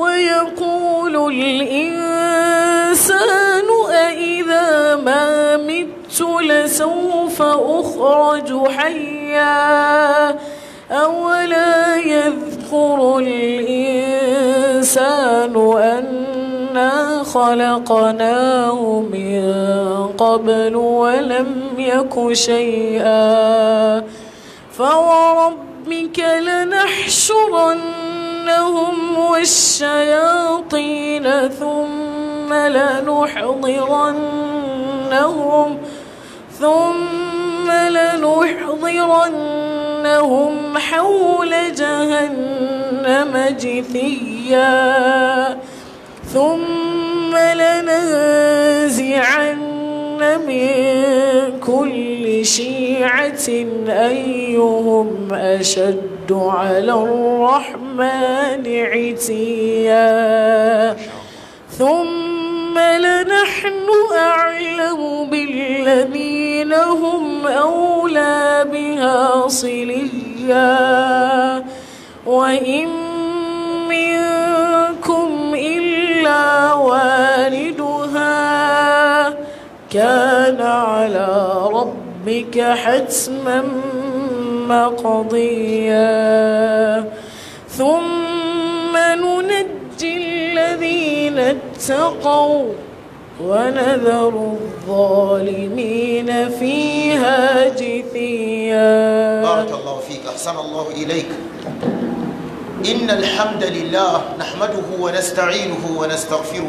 ويقول الإنسان أإذا ما مت لسوف أخرج حيا أولا يذكر الإنسان أنا خلقناه من قبل ولم يك شيئا فوربك لنحشرن لنحشرنهم والشياطين ثم لنحضرنهم ثم لنحضرنهم حول جهنم جثيا ثم لننزعن من كل شيعة أيهم أشد على الرحمن عتيا ثم لنحن أعلم بالذين هم أولى بها صليا وإن منكم إلا واحد كان على ربك حتما مقضيا ثم ننجي الذين اتقوا ونذر الظالمين فيها جثيا بارك الله فيك أحسن الله إليك إن الحمد لله نحمده ونستعينه ونستغفره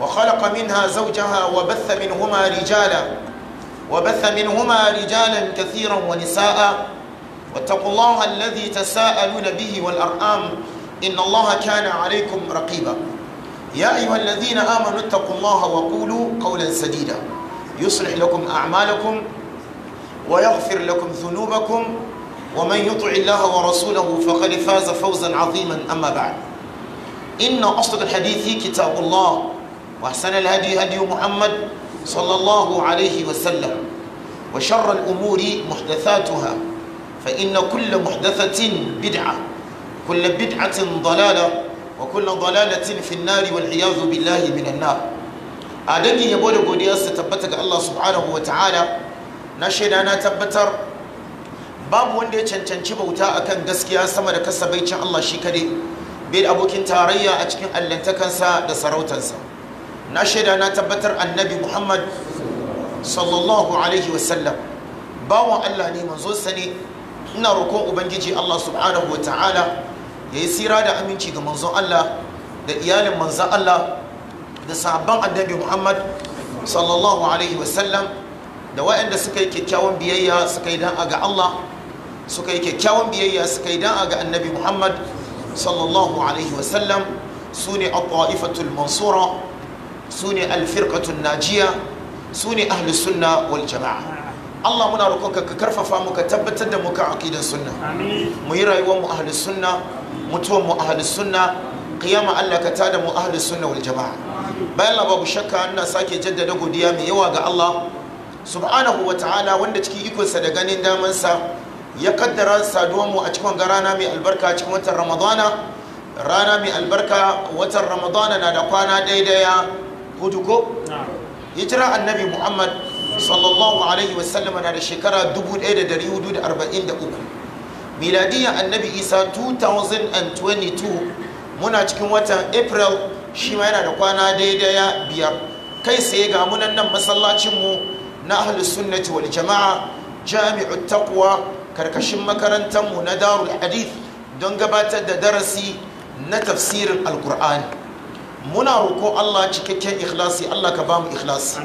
وخلق منها زوجها وبث منهما رجالا وبث منهما رجالا كثيرا ونساء واتقوا الله الذي تساءلون به والأرآم إن الله كان عليكم رقيبا يا أيها الذين آمنوا اتقوا الله وقولوا قولا سديدا يصلح لكم أعمالكم ويغفر لكم ذنوبكم ومن يطع الله ورسوله فقد فاز فوزا عظيما أما بعد إن أصدق الحديث كتاب الله وأحسن الهدي هدي محمد صلى الله عليه وسلم وشر الأمور محدثاتها فإن كل محدثة بدعة كل بدعة ضلالة وكل ضلالة في النار والعياذ بالله من النار أدني يبود قديا ستبتك الله سبحانه وتعالى نشهد أنا تبتر باب وندي cancanci bauta akan gaskiya sama da kasabaicin Allah shi kade bil abokin tarayya a cikin allantakansa da sarautansa na shaida na tabbatar annabi muhammad sallallahu alaihi wasallam bawan allah ne manzo sa ne ina roƙon ubangiji allah subhanahu wa ta'ala ya yi sira da aminci ga manzon allah da iyalin manzon allah da sabon annabi muhammad sallallahu alaihi wasallam da waɗanda suka yi kyakkyawan biyayya suka yi dan a ga allah suka yi kyakkyawan biyayya suka yi dan a ga annabi muhammad sallallahu alaihi wasallam su ne a ƙwa'ifatul mansura su ne alfirkatun najiya su ne ahlus sunna wal jama'a Allah muna roƙonka ka karfafa mu ka tabbatar da mu kan aqidan sunna mu yi rayuwar mu ahli sunna mutuwar mu ahli sunna qiyama Allah ka tada mu ahli sunna wal jama'a bayan babu shakka ina sake jaddada godiya mai yawa ga Allah subhanahu wa ta'ala wanda cikin ikonsa da ganin damansa ya kaddara saduwar mu a cikin rana mai albarka cikin watan ramadana rana mai albarka watan ramadana na da kwana daidaya hudu ko jira annabi muhammad sallallahu alaihi wasallam na da shekara 1443 miladiyyar annabi isa 2022 muna cikin watan april shi ma yana da kwana daidaya biyar kai sai ga munan nan masallacinmu na ahlus sunnati wal jama'a jami'u taqwa karkashin makarantarmu na darul hadith don gabatar da darasi na tafsirin alkur'ani muna roƙon Allah cikakken ikhlasi Allah ka bamu ikhlasi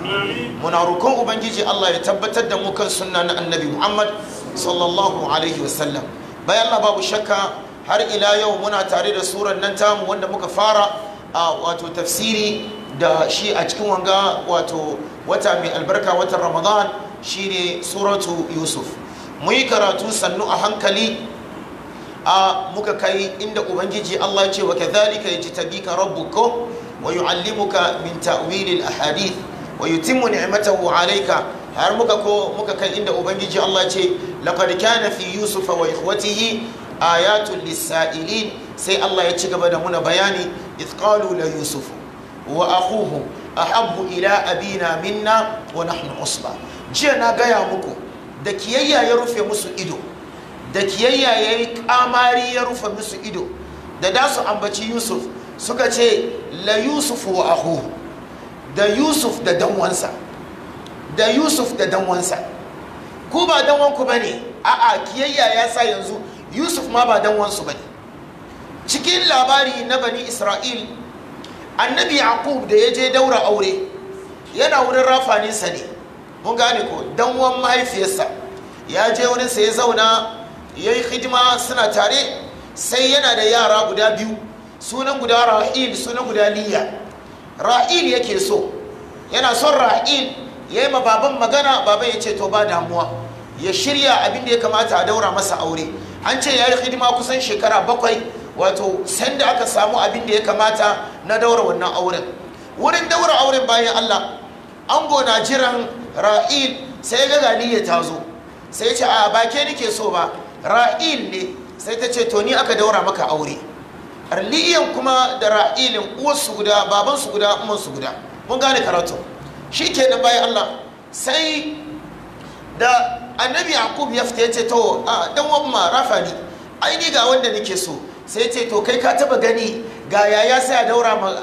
muna roƙon ubangiji Allah ya tabbatar da mu kan sunna na annabi Muhammad sallallahu alaihi wasallam bayan Allah babu shakka har ila yau muna tare da surar nan tamu wanda muka fara a wato tafsiri da shi a cikin wanga wato wata mai albarka watan Ramadan shine suratu Yusuf muyi karatu sannu a hankali a muka kai inda ubangiji Allah ce wa kadhalika yajtabika rabbuka wa yu'allimuka min ta'wilil ahadith wa yutimmu ni'matahu alayka har muka ko muka kai inda ubangiji Allah ce laqad kana fi yusuf wa ikhwatihi ayatul lisailin sai Allah ya ci gaba da muna bayani idh qalu la yusuf wa akhuhu ahabbu ila abina minna wa nahnu usba jiya na gaya muku da kiyayya ya rufe musu ido da kiyayya ya yi kamari ya rufe musu ido da da su ambaci yusuf suka ce la yusuf wa ahu da yusuf da danwansa da yusuf da danwansa ku ba danwanku ba ne a'a kiyayya ya sa yanzu yusuf ma ba danwansu ba ne cikin labari na bani isra'il annabi yaqub da ya je daura aure yana wurin rafaninsa ne mun gane ko danwan mahaifiyarsa ya je wurinsa ya zauna ya yi hidima suna tare sai yana da yara guda biyu sunan guda ra'il sunan guda liya ra'il yake so yana son ra'il ya yi ma baban magana baban ya ce to ba damuwa ya shirya abinda ya kamata a daura masa aure an ce ya yi hidima kusan shekara bakwai wato sanda aka samu abin da ya kamata na daura wannan auren wurin daura auren bayan allah ango na jiran ra'il sai ga ganiya ta zo sai ce a bake ke so ba ra'il ne sai ta ce to ni aka daura maka aure arliyan kuma da ra'ilin uwarsu guda babansu guda umarsu guda mun gane karatu shi ke da bayan allah sai da annabi yaqub ya fita ya ce to a dan wamma rafa ai ni ga wanda nake so sai ce to kai ka taba gani ga yaya sai a daura ma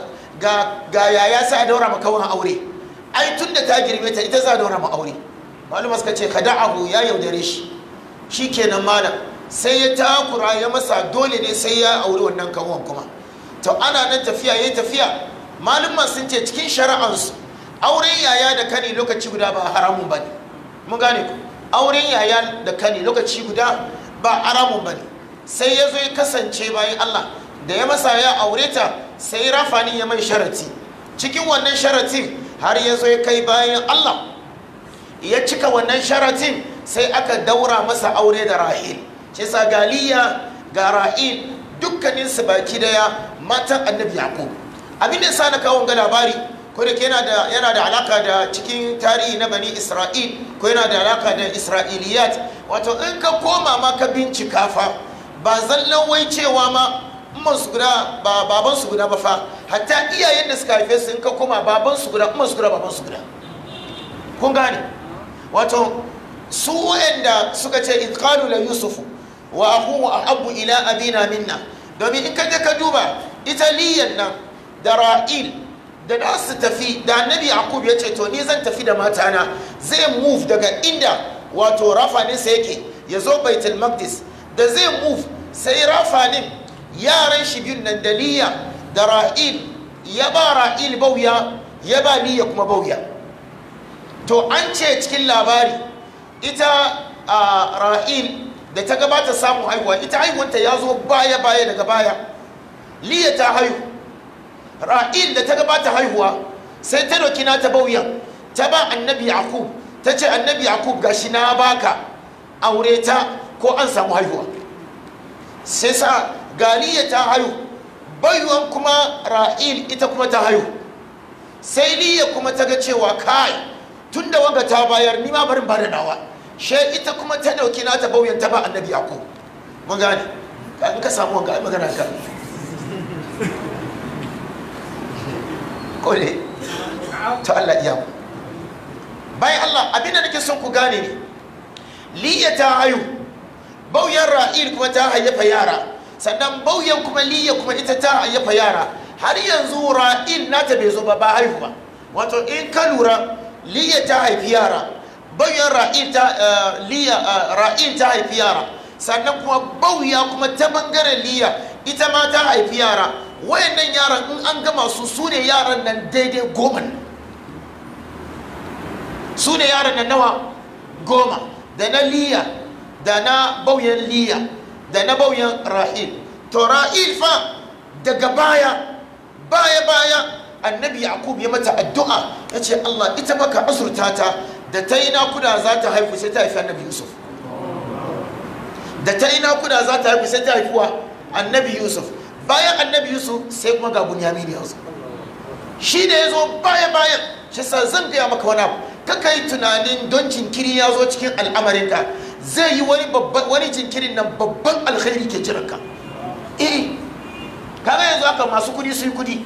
ga daura ma kawan aure ai tunda ta girbe ta ita za a daura ma aure malama suka ce kada'ahu ya yaudare shi Shi kenan malam sai ya takura ya masa dole ne sai ya auri wannan kawon kuma to ana nan tafiya ya tafiya malumman sun ce cikin shari'ansu auren yaya da kani lokaci guda ba haramun ne mun gane ku auren yaya da kani lokaci guda ba haramun ne sai ya zo ya kasance bayan Allah da ya masa ya aure ta sai rafani ya mai sharati cikin wannan sharatin har ya zo ya kai bayan Allah ya cika wannan sharatin sai aka daura masa aure da rahil ce sa galiya ga rahil dukkanin su baki daya matan annabi yaqub abin da yasa na kawo ga labari ko da yana da yana da alaka da cikin tarihi na bani isra'il ko yana da alaka da isra'iliyat wato in ka koma ma ka bincika fa ba zallan wai cewa ma umman su guda ba baban su guda ba fa hatta iyayen da suka haife su in ka koma baban su guda umman su guda baban su guda kun gane wato su wa'anda suka ce idqalu la yusufu wa a ahabbu ila abina minna domin in ka je ka duba italiyan nan da ra'il da da su tafi da annabi yaqub ya ce to ni zan tafi da matana zai move daga inda wato rafaninsa yake ya zo baitul maqdis da zai move sai rafanin yaran shi biyun nan da liya da ra'il ya ba ra'il bauya ya ba liya kuma bauya to an ce cikin labari ita a ra'il da ta gabata samun haihuwa ita haihuwanta ya zo baya-baya daga baya liya ta haihu ra'il da ta gabata haihuwa sai ta doki na ta bauyan ta ba annabi akub ta ce annabi yaqub gashi na baka aure ta ko an samu haihuwa sai sa ga liya ta haihu bayuwan kuma ra'il ita kuma ta haihu sai liya kuma ta ga cewa kai tun da wanga ta bayar ni ma barin bada nawa she ita kuma ta dauki nata bauyan ta ba annabi yako mun gane in ka samu wanga ai magana ka kole ta Allah iya mu Allah abin da nake son ku gane ne liya ta hayu bauyan ra'il kuma ta hayyafa yara sannan bauyan kuma liya kuma ita ta hayyafa yara har yanzu ra'il nata bai zo ba ba ba wato in ka lura liya ta haifi yara bauyan eh, eh, ra'in ta haifi yara sannan kuma bauya kuma ta bangaren liya ita ma ta haifi yara wayannan yaran in an gama su su ne yaran nan daidai goma su ne yaran nan nawa goma da na liya da na bauyan liya da na bauyan ra'il to ra'il fa daga baya baya baya annabi yaqub ya mata addu'a yace Allah ita maka azurta ta da ta yi nakuda za ta haifu sai ta haifi annabi yusuf da ta yi nakuda za ta haifu sai ta haifuwa annabi yusuf bayan annabi yusuf sai kuma ga bunyamin zo shi da ya zo baya bayan shi sa zan gaya maka wani abu kaka yi tunanin don jinkiri ya zo cikin al'amarin ka, zai yi wani babban wani jinkirin nan babban alkhairi ke jiranka eh kaga yanzu haka masu kudi su yi kudi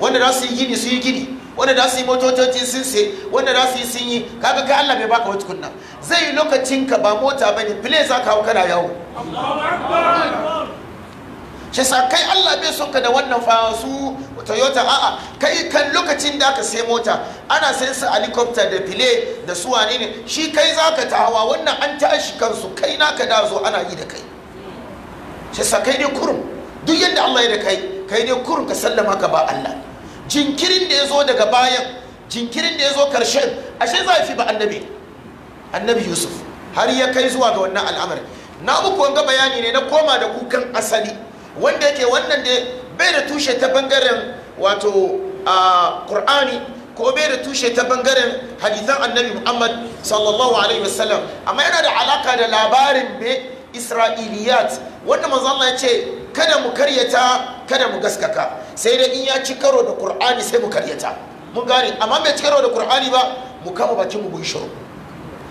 wanda za su yi gini su yi gini wanda za su yi motoci sun se wanda za su yi sun yi kaga kai Allah bai baka wata kunna zai yi lokacin ka ba mota bane file za ka hau kana yawo shi sa kai Allah bai son ka da wannan fasu su Toyota a'a kai kan lokacin da aka sai mota ana sayan su helicopter da file da su ne shi kai za ka ta hawa wannan an tashi kansu kai naka da zo ana yi da kai shi sa kai ne kurum duk yadda Allah ya da kai kai ne kurum ka sallama ka ba Allah jinkirin da ya zo daga bayan jinkirin da ya zo karshen ashe zafi ba annabi annabi yusuf har ya kai zuwa ga wannan al'amari na muku wanga bayani ne na koma da kukan asali wanda yake wannan da bai da tushe ta bangaren wato a qur'ani ko bai da tushe ta bangaren hadisan annabi muhammad sallallahu alaihi wasallam amma yana da alaka da labarin me isra'iliyat wanda manzo Allah ya ce kada mu karyata kada mu gaskaka sai dai in ya ci karo da qur'ani sai mu karyata mun gane amma bai ci karo da qur'ani ba mu kama bakin mu shiru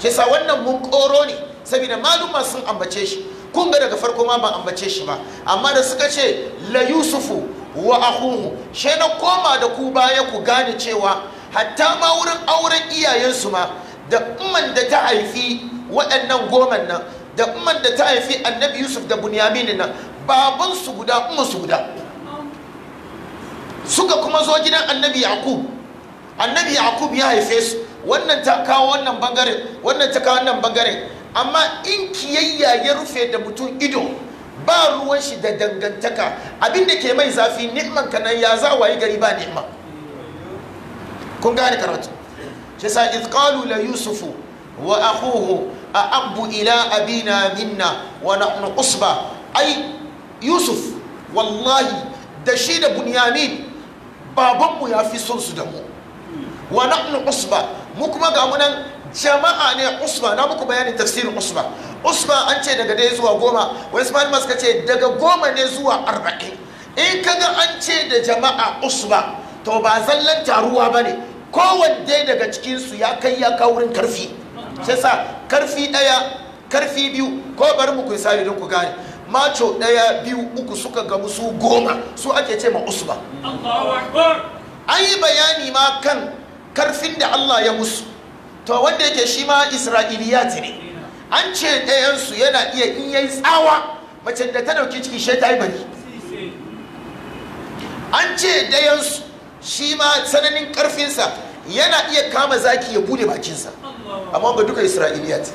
shi sa wannan mun koro ne saboda maluma sun ambace shi kun ga daga farko ma ban ambace shi ba amma da suka ce la yusufu wa akhuhu she na koma da ku baya ku gane cewa hatta ma wurin auren iyayensu ma da umman da ta haifi waɗannan goman nan da umar da ta haifi annabi yusuf da bunyamin nan babansu guda su guda suka kuma zo gidan annabi yakub annabi yakub ya haife su wannan ta kawo wannan bangaren wannan ta kawo wannan bangaren amma in kiyayya ya rufe da mutum ido ba ruwan shi da dangantaka abinda ke mai zafi ni'man ka nan ya za wayi gari ba ni'ma kun gane karatu shi sa izqalu yusufu wa akhuhu A minna wa أبينا usba ai Yusuf wallahi da shi da Bunyamin babanmu ya fi son su da mu wa nahnu usba mu kuma ga munan jama'a ne usba na muku bayanin tafsirin usba usba an ce daga dai zuwa goma wani ismail maska ce daga goma ne zuwa arba'in in kaga an ce da jama'a usba to ba zallan taruwa ba ne kowanne daga cikinsu ya kai ya kawo wurin karfi shi sa karfi ɗaya karfi biyu ko bari mu kuyi sari don ku gane macho ɗaya biyu uku suka ga musu goma su ake ce ma usba an yi bayani ma kan karfin da Allah ya musu to wanda yake shi ma isra'iliyat ne an ce ɗayansu yana iya in yayi tsawa mace da ta ɗauki ciki shi ta yi bari an ce ɗayansu shi ma tsananin karfinsa yana iya kama zaki ya bude bakinsa amma ga duka isra'iliyat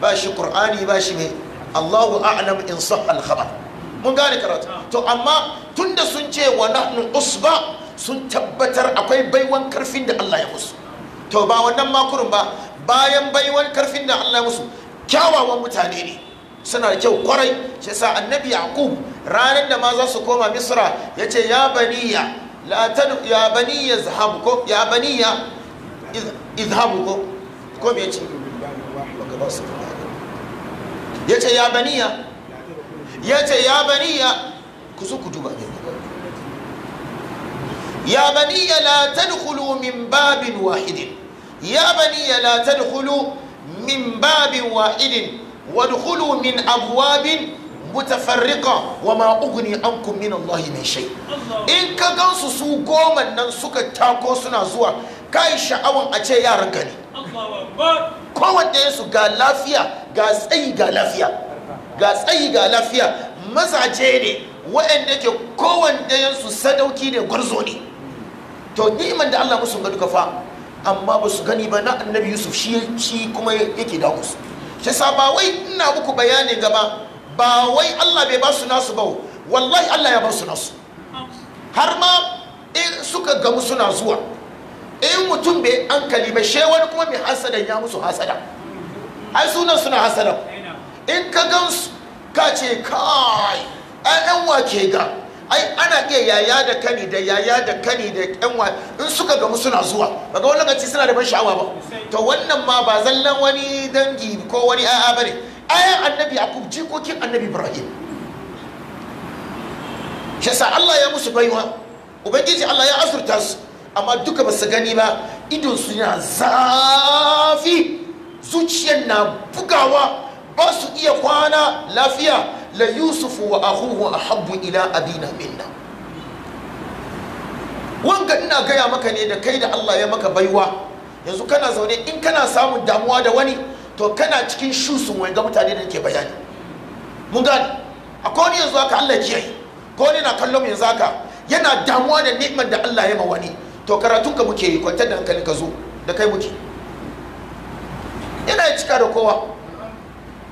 ba shi Kur'ani ba shi mai Allahu a'lam in sa al mun gane karatu to amma da sun ce wa nahnu usba sun tabbatar akwai baiwan karfin da Allah ya musu to ba wannan makurin ba bayan baiwan karfin da Allah ya musu kyawawan mutane ne suna da kyau kwarai shi sa annabi yaqub ranar da ma za su koma misra ya ce ya baniya la ya baniya zahabu ko ya baniya izhabu ko kome ce ya ce ya baniya ya ce ya baniya ku su ku duba ne ya baniya la tadkhulu min babin wahidin ya baniya la tadkhulu min babin wahidin wadkhulu min abwabin mutafarriqa wa ma ugni ankum min Allah min in ka gansu su goma nan suka tako suna zuwa kai sha'awan a ce yaran ka ne kowanne ga lafiya ga tsayi ga lafiya ga tsayi ga lafiya mazaje ne waɗanda ke kowanne sadauki ne gwarzo ne to niman da Allah musu ga duka fa amma ba su gani ba na annabi Yusuf shi kuma yake da su shi sa ina muku bayani gaba ba wai Allah bai ba su nasu ba wallahi Allah ya ba su nasu har ma in suka gamu suna zuwa in mutum bai ankali ba she wani kuma mai hasadan ya musu hasada ai sunan suna hasada in ka gansu ka ce kai ai yan wake ga ai ana iya yaya da kani da yaya da kani da yan wa in suka gamu suna zuwa ba ga wani suna da ban sha'awa ba to wannan ma ba zallan wani dangi ko wani a'a bane ayan annabi akub jikokin annabi ibrahim shi Allah ya musu baiwa ubangiji Allah ya azurta su amma duka ba su gani ba idon su yana zafi zuciyar na bugawa ba su iya kwana lafiya la yusufu wa ahuhu a ahabbu ila abina minna wanga ina gaya maka ne da kai da Allah ya maka baiwa yanzu kana zaune in kana samun damuwa da wani to kana cikin shusun wai ga mutane da ke bayani mun gane a kone yanzu haka Allah kiyaye ko wani na kallon yanzu haka yana damuwa da ni'imar da Allah ya ma wani to karatun ka muke yi kwantar da hankali ka zo da kai muke yana cika da kowa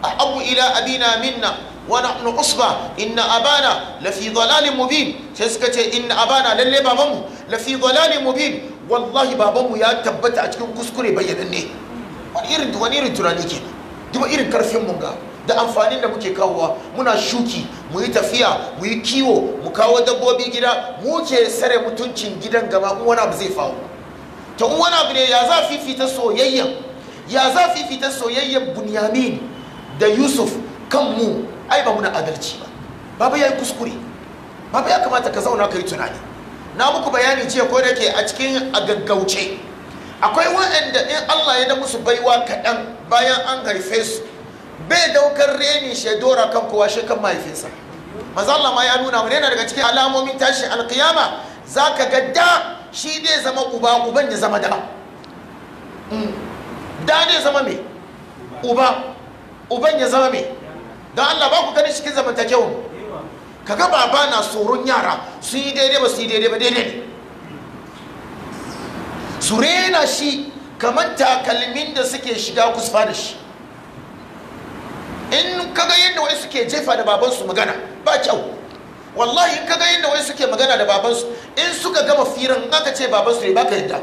a abu ila abina minna wa nahnu usba inna abana fi dhalalin mubin sai suka ce inna abana lalle baban mu la fi dhalalin mubin wallahi mu ya tabbata a cikin kuskure bayyananne wani wani irin tunani ke duba irin karfin mun ga da amfanin da muke kawowa muna shuki mu yi tafiya mu yi kiwo mu kawo dabbobi gida mu ke sare mutuncin gidan gaba in wani abu zai faru Ta in wani abu ne ya za fifita soyayyan ya za fifita soyayyan bunyamin da yusuf kan mu ai ba muna adalci ba baba ya yi kuskure baba ya kamata ka zauna ka yi tunani na muku bayani jiya ko da ke a cikin a gaggauce akwai waɗanda in allah ya da musu baiwa kaɗan bayan an haife su bai daukar reni shi dora kan kowa shi kan mahaifinsa manzo Allah ma ya nuna mu yana daga cikin alamomin tashi alkiyama ka ga da shi ne zama uba uban ya zama da mm. da ne zama mai uba uban ya zama mai. don Allah ba ku gani cikin zamantakewa ga baba na tsoron yara su yi daidai ba su yi daidai ba daidai ne su rena shi kamar takalmin da suke shiga kusfa da shi in kaga yadda wai suke jefa da babansu magana ba kyau wallahi in kaga yadda wai suke magana da babansu in suka gama firan aka ce babansu ne baka yadda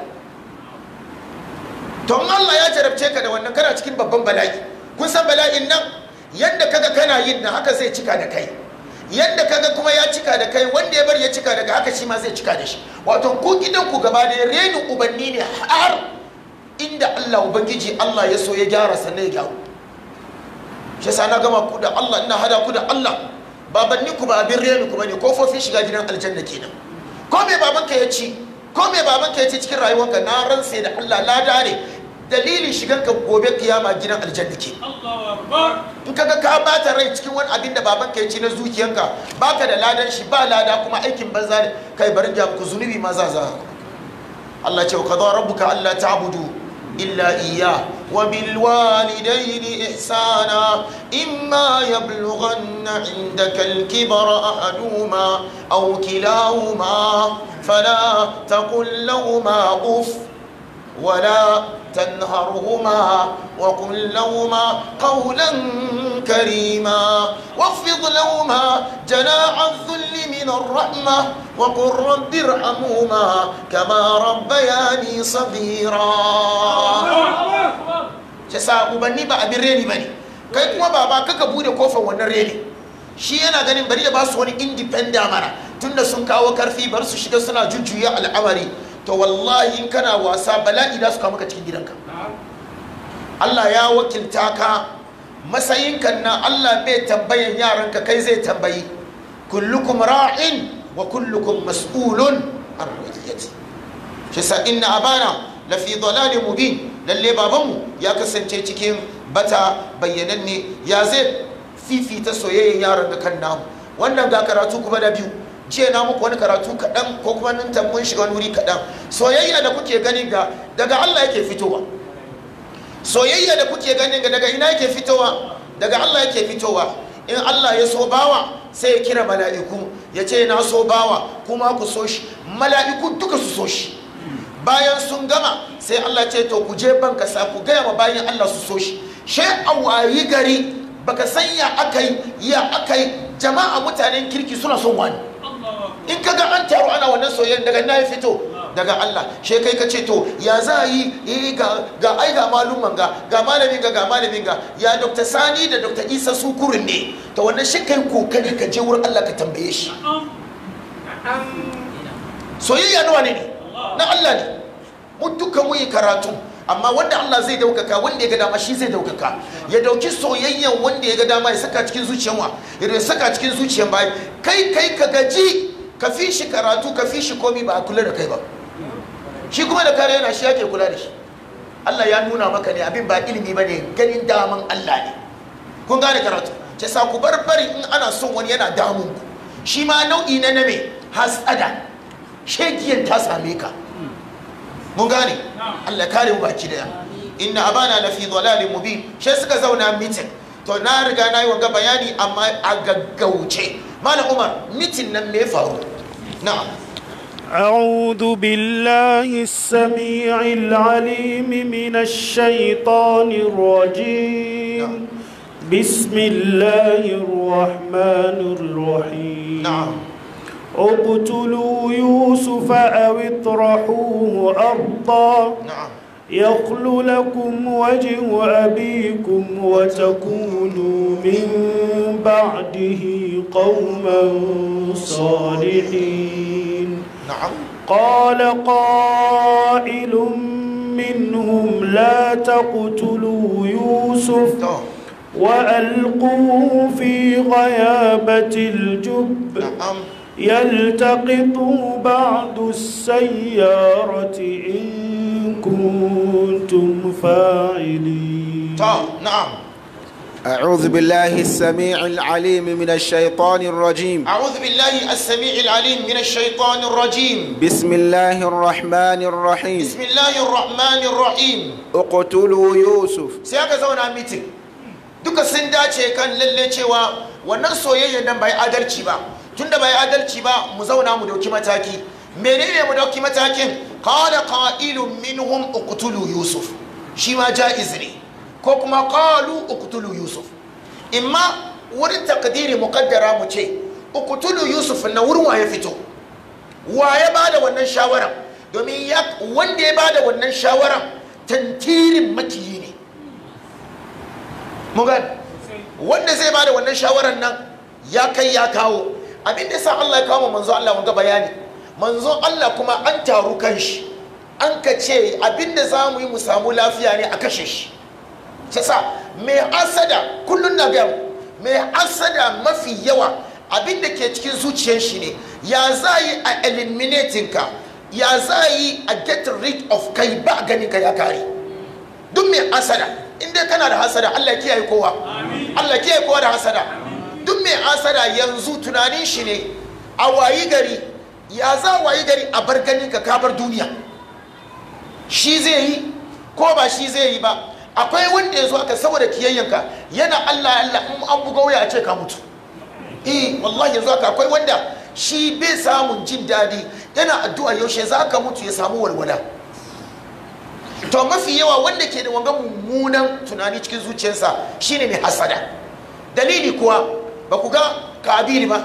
to Allah ya jarabce ka da wannan kana cikin babban bala'i kun san bala'in nan yadda kaga kana yin nan haka zai cika da kai yadda kaga kuma ya cika da kai wanda ya bar ya cika daga haka shi ma zai cika da shi wato ku gidan ku gaba da renin ubanni ne har inda Allah ubangiji Allah ya so ya gyara sannan ya gyaru shi yasa na gama ku Allah ina hada ku da Allah babanni ku ba abin reni ku bane kofofin shiga gidan aljanna kenan ko me babanka ya ci ko me ka ka yace cikin rayuwarka na ransa da Allah lada ne dalilin ka gobe kiyama gidan aljanna ke in ga ka bata rai cikin wani abin da babanka ya ci na zuciyarka baka da ladan shi ba lada kuma aikin banza ne kai barin ja ku zunubi ma za za Allah ce wa qadara rabbuka alla ta'budu إلا إياه وبالوالدين إحسانا إما يبلغن عندك الكبر أحدهما أو كلاهما فلا تقل لهما أف ولا تنهرهما وقل Karima قولا كريما واخفض لهما جناح الذل من الرحمة وقل رب ارحمهما كما ربياني صغيرا shasa ubanni ba abin reni bane kai kuma baba kaka bude kofar wannan reni shi yana ganin bari ya ba su wani independent mana tunda sun kawo karfi bar su shiga suna jujjuya al'amari to wallahi kana wasa bala'i da su kawo maka cikin gidanka Allah ya wakilta ka kan na Allah bai tambayan yaranka kai zai tambayi kullukum ra'in wa kullukum mas'ulun an ra'iyati shi sa inna abana lafi dhalalin mubin lalle babanmu ya kasance cikin bata bayyananne ya zai fifita soyayyen yaran da kan namu wannan ga karatu kuma na biyu jiya na muku wani karatu kaɗan ko kuma nan tambun shiga wani wuri kaɗan soyayya da kuke ganin ga daga Allah yake fitowa soyayya da kuke gani ga daga ina yake fitowa daga Allah yake fitowa in Allah ya so bawa sai ya kira mala'iku ya ce na so bawa kuma ku so shi mala'iku duka su so shi bayan sun gama sai Allah ce to ku je ban kasa ku gaya ma bayan Allah su so shi shi a wayi gari baka san ya akai ya akai jama'a mutanen kirki suna son wani in ka ga an taru ana wannan soyayyar daga na ya fito daga Allah she kai ka ce to ya za yi eh, ga ga ai ga malumman ga ga malamin ga ga malamin ga ya Dr. Sani da Dr. Isa su kurin ne to wannan shi kai kokari ka je wurin Allah ka tambaye shi soyayya nawa ne na Allah ne mu duka mu yi karatu amma wanda Allah zai daukaka wanda ya ga dama shi zai daukaka ya dauki soyayyan wanda ya ga dama ya saka cikin zuciyan wa ya saka cikin zuciyan bayi kai kai ka gaji ka fi shi karatu ka fi shi komi ba a kula da kai ba shi kuma da kare yana shi yake kula da shi Allah ya nuna maka ne abin ba ilimi ba ne ganin daman Allah ne kun gane karatu ce sa ku barbari in ana son wani yana damun ku shi ma nau'i na name hasada shekiyar ta same ka mun gane Allah kare mu baki daya inna abana la fi dhalalin mubin shi suka zauna meeting to na riga na yi wa bayani amma a gaggauce malam umar mitin nan me faru نعم أعوذ بالله السميع العليم من الشيطان الرجيم نعم. بسم الله الرحمن الرحيم نعم اقتلوا يوسف أو اطرحوه أرضا نعم يخل لكم وجه أبيكم وتكونوا من بعده قوما صالحين نعم قال قائل منهم لا تقتلوا يوسف نعم. وألقوه في غيابة الجب نعم يلتقطوا بعد السيارة إن كنتم فاعلين نعم أعوذ بالله السميع العليم من الشيطان الرجيم أعوذ بالله السميع العليم من الشيطان الرجيم بسم الله الرحمن الرحيم بسم الله الرحمن الرحيم اقتلوا يوسف سياك زونا ميتين duka sun dace kan lalle cewa wannan soyayyar nan bai adalci ba tunda bai adalci ba mu zauna mu dauki mataki menene mu dauki matakin qala qailun minhum uqtulu yusuf shi ma ja izini ko kuma qalu uqtulu yusuf in ma wurin takdiri mukaddara mu ce uqtulu yusuf na wurin waye fito waye da wannan shawara domin ya wanda ya ba da wannan shawara tantirin makiyi ne mun wanda zai ba da wannan shawarar nan ya kai ya kawo abinda sa Allah ya kawo manzo Allah wanga bayani Manzo Allah kuma an taru kan shi an ka ce abinda za mu yi mu samu lafiya ne a kashe shi sasa mai asada kullum na gaya mai asada mafi yawa abinda ke cikin zuciyar shi ne ya za yi a eliminating ka ya za yi a get rid of kai ba ganin ka ya kare duk mai asada inda kana da hasada Allah kiyaye kowa Allah kiyaye kowa da hasada duk mai asada yanzu tunanin shi ne a wayi gari ya za wayi gari a bar ganin ka kabar duniya shi zai yi ko ba shi zai yi ba akwai wanda ya zo aka saboda kiyayyanka yana allah allah in an buga wuya a ce ka mutu eh wallahi yanzu aka akwai wanda shi bai samun jin daɗi yana addu'a yaushe za ka mutu ya samu walwala to mafi yawa wanda ke da wanga mummunan tunani cikin zuciyarsa shine mai hasada dalili kuwa ba ku ga kabili ba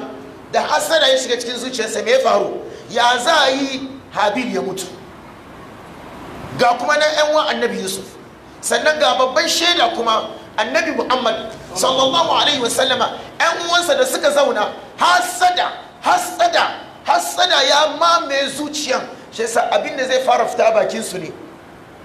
da hasada ya shiga cikin zuciyarsa me ya faru ya za a yi habil ya mutu ga kuma na yan annabi yusuf sannan ga babban shaida kuma annabi muhammad sallallahu alaihi wasallama yan uwansa da suka zauna hasada hasada hasada ya mamaye zuciyan shi yasa abin da zai fara fita bakin su ne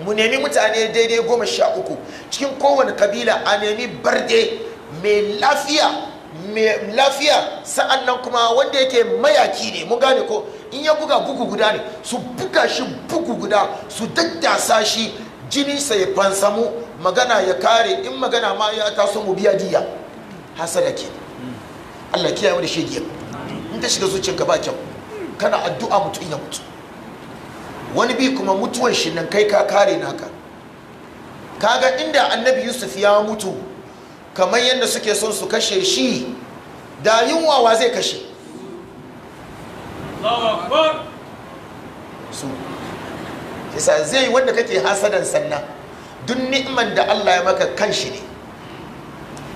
mu nemi mutane daidai goma sha uku cikin kowane kabila a nemi barde mai lafiya mai lafiya sa'an nan kuma wanda yake mayaki ne mu gane ko in ya buga bugu guda ne su buga shi bugu guda su daddasa shi jini sa ya fansamu magana ya kare in magana ma ya taso mu biya diya hasada ke Allah kiyaye da shege in ta shiga zuciyarka ba kyau kana addu'a mutum ya mutu wani bi kuma mutuwan shi nan kai ka kare naka kaga inda annabi yusuf ya mutu kamar yadda suke son su kashe shi da yunwa wa zai kashe su isa zai wanda kake hasadan sannan duk ni'man da Allah ya maka kan shi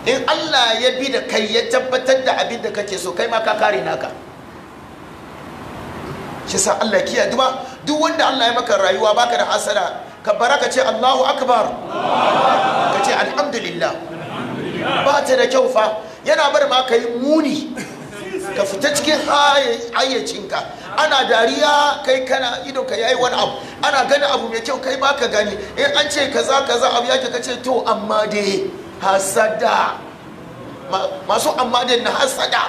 ne in Allah ya bi da kai ya tabbatar da abin da kake so kai ma ka kare naka shi sa Allah kiya duba duk wanda Allah ya maka rayuwa baka da hasada ka baraka ce Allahu akbar ka ce alhamdulillah ba ta da kyau fa yana bar ma ka yi muni ka fita cikin hayyacinka ana dariya kai kana ido ka yayi wani abu ana gani abu mai kyau kai baka gani in an ce kaza kaza abu yake ce to amma dai hasada masu amma dai na hasada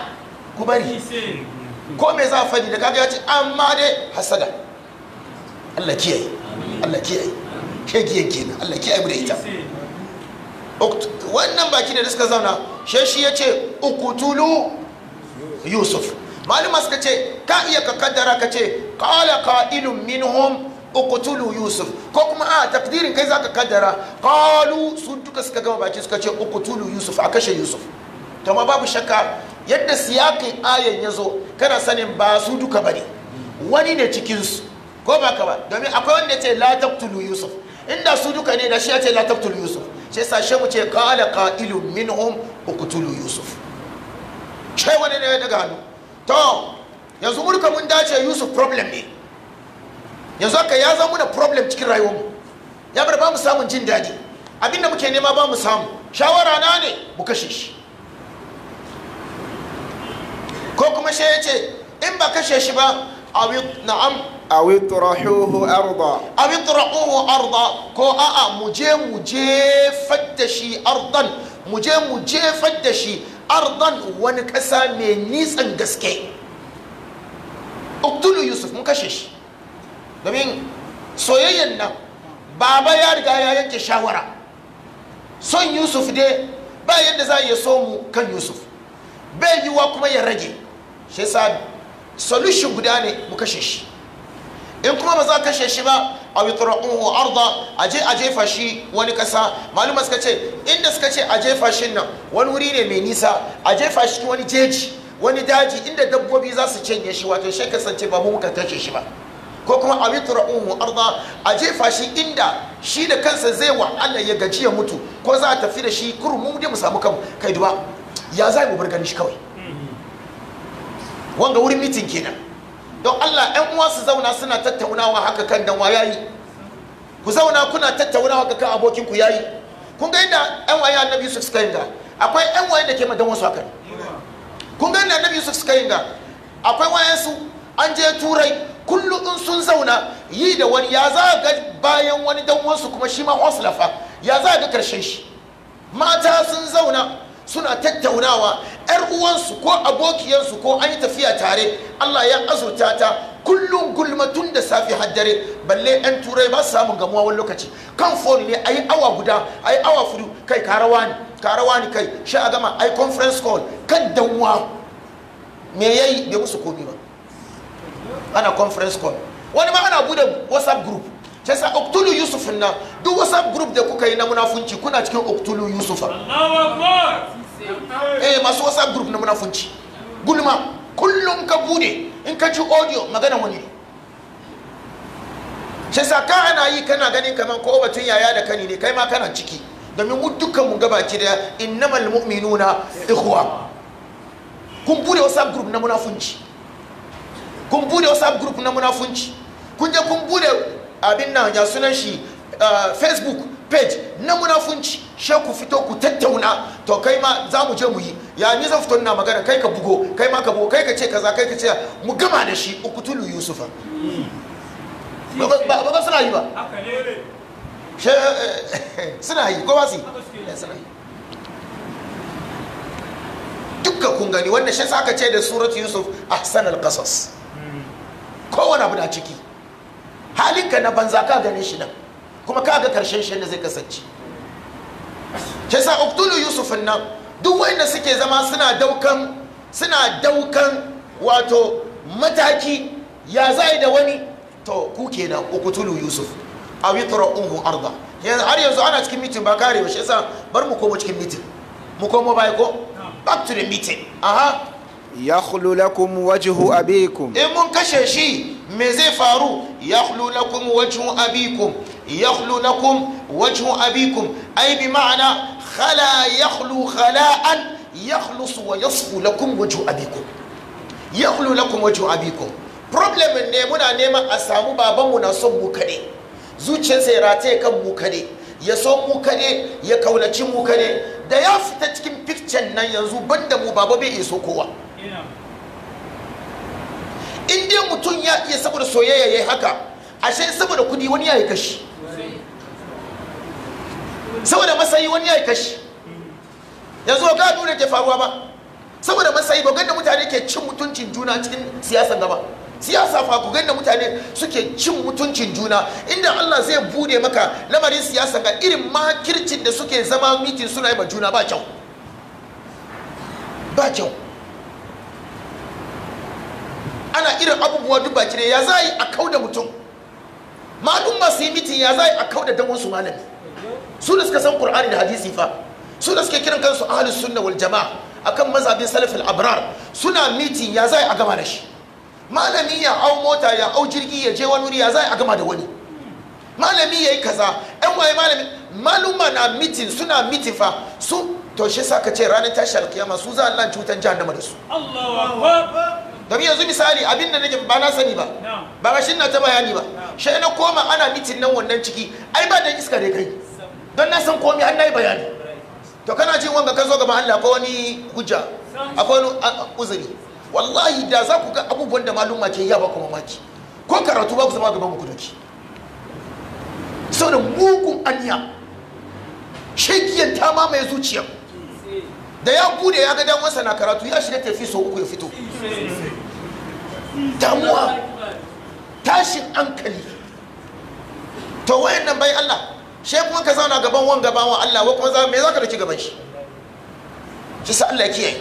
ku bari ko me za fadi da kaga ya ce amma dai hasada Allah kiyaye Allah kiyaye ke kiyaye kenan Allah kiyaye mu da ita wannan baki da suka zauna shi shi ya ce ukutulu yusuf maluma suka ce ka iya ka kaddara ka ce kawala qa'ilun minhum ukutulu yusuf ko kuma a ah, takdirin kai zaka kaddara qalu su duka suka gama baki suka ce ukutulu yusuf a kashe yusuf to ma babu shakka yadda siyakin ayan yazo kana sanin ba su duka ne, wani ne cikinsu, ko ba ka ba domin akwai wanda ya ce la yusuf inda su duka ne da shi ya ce la yusuf Cesashe yasa mu ce qala qa'ilun minhum uqtulu yusuf shi wani ne daga hannu to yanzu murka mun dace yusuf problem ne yanzu aka ya zama muna problem cikin rayuwarmu ya bar ba mu samun jin dadi abinda muke nema ba mu samu shawara na ne mu kashe shi ko kuma shi ya ce in ba kashe shi ba a na'am awi turahuhu arda awi turahuhu arda ko a'a mu je mu jefar da shi ardan mu je mu jefar da shi ardan wani ƙasa mai nisan gaske uktulu yusuf mun kashe shi domin soyayyan nan baba ya riga ya yanke shawara son yusuf de ba yadda za ya so mu kan yusuf bai yiwuwa kuma ya rage shi sa solution guda ne mu kashe shi in kuma ba za ka kashe shi ba a unhu arda a je a jefa shi wani kasa maluma suka ce inda suka ce a jefa shi nan wani wuri ne mai nisa a jefa shi wani jeji wani daji inda dabbobi za su cinye shi wato shi kasance ba mu muka kashe shi ba ko kuma a unhu arda a jefa shi inda shi da kansa zai wa Allah ya gaji ya mutu ko za a tafi da shi mu da mu samu kan kai duba ya za mu bar gani shi kawai hmm. wanga wurin mitin kenan don Allah ɗan uwa su zauna suna tattaunawa haka kan danwa yayi ku zauna kuna tattaunawa haka kan abokin ku yayi kun ga inda ɗan waye annabi Yusuf suka yinga akwai ɗan waye da ke madan wasu haka kun ga inda annabi Yusuf suka yinga akwai su an je turai kullum in sun zauna yi da wani ya za ga bayan wani dan wasu kuma shi ma hoslafa ya za ga karshen shi mata sun zauna suna tattaunawa yar uwansu ko abokiyansu ko an yi tafiya tare Allah ya azurta ta kullum tun da safi haddare balle yan turai ba su samun gamuwa wani lokaci kan foni ne a yi awa guda a yi awa fudu kai karawa ne karawa ne kai sha a gama yi conference call kan danwa me yayi bai musu komi ba ana conference call wani ma ana bude whatsapp group ta sa uktulu yusuf nan duk whatsapp group da kuka yi na munafunci kuna cikin uktulu yusuf eh masu whatsapp group na munafunci gulma kullum ka bude in ka ci audio magana wani ne shi sa ka ana yi kana gani kamar ko batun yaya da kani ne kai ma kana ciki domin mu dukkan mu gabaki da innamal mu'minuna ikhwa kun bude whatsapp group na munafunci kun bude whatsapp group na munafunci kun je kun bude abin nan ya sunan shi eh, facebook page na munafunci she ku fito ku tattauna to kai ma za mu je mu yi ya ni zan fito ina magana kai ka bugo kai ma ka bugo kai ka ce kaza kai ka ce mu gama da shi ukutulu yusufa hmm. ba ba suna yi ba eh, suna yi ko ba su yi eh, suna dukkan kun gani wannan shi sa aka ce da suratu yusuf ahsan al-qasas hmm. kowane abu na ciki halinka na banza ka gane shi nan kuma ka ga karshen shi da zai kasance ke sa uktulu yusuf nan duk wanda suke zama suna daukan suna daukan wato mataki ya zai da wani to ku kenan uktulu yusuf a witra uhu arda Ya har yanzu ana cikin mitin ba kare ba shi yasa bar mu komo cikin mitin mu komo bai ko back to the meeting aha yakhlu lakum wajhu abikum in mun kashe shi me zai faru yakhlu lakum wajhu abikum yakhlu lakum wajhu abikum ai bi ma'ana khala yakhlu khala'an yakhlus wa yasfu lakum wajhu abikum yakhlu lakum wajhu abikum problem ne muna neman a samu babanmu na son mu kade zuciyarsa ya rataye kan mu kade ya so mu kade ya kaunaci mu kade da ya fita cikin picture nan yanzu banda mu baba bai iso kowa indiya mutum ya iya saboda soyayya ya yi haka ashe saboda kudi wani ya yi kashi saboda masayi wani ya yi kashi yanzu ga nuna ke faruwa ba saboda masayi ba ganda mutane ke cin mutuncin juna cikin siyasan gaba siyasa fa ku ganda mutane suke cin mutuncin juna inda Allah zai bude maka lamarin siyasa ga irin makircin da suke zama mitin suna yi ma juna ba kyau ba kyau ana irin abubuwa duk baki ne ya za yi a kau da mutum malum masu yi mitin ya za yi a kau da su malami su da suka san qur'ani da hadisi fa su da suke kiran kansu ahlus sunna wal jama'a akan mazhabin salafin abrar suna mitin ya za yi a gama da shi malami ya au mota ya au jirgi ya je wani wuri ya za a gama da wani malami ya yi kaza yan waye malami maluma na mitin suna mitin fa su to shi sa ka ce ranar tashi alkiyama su za a lancutan cutan da su domin yanzu misali abin da nake ba na sani ba ba rashin na ta bayani ba shi na koma ana mitin nan wannan ciki ai ba da iska dai kai don na san komai an yi bayani to kana jin wanga ka zo gaba Allah ko wani hujja akwai wani uzuri wallahi da za ku ga abubuwan da maluma ke yi ba ku mamaki ko karatu ba ku zama gaban ku doki saboda mugun anya shakiyan ta mamaye zuciya da ya bude ya ga dan wasa na karatu ya shiga tafi so uku ya fito damuwa tashin hankali to wayan nan bai Allah shi kuma ka zauna gaban wan gaban wa Allah wa kuma me zaka da ci gaban shi shi sa Allah kiyaye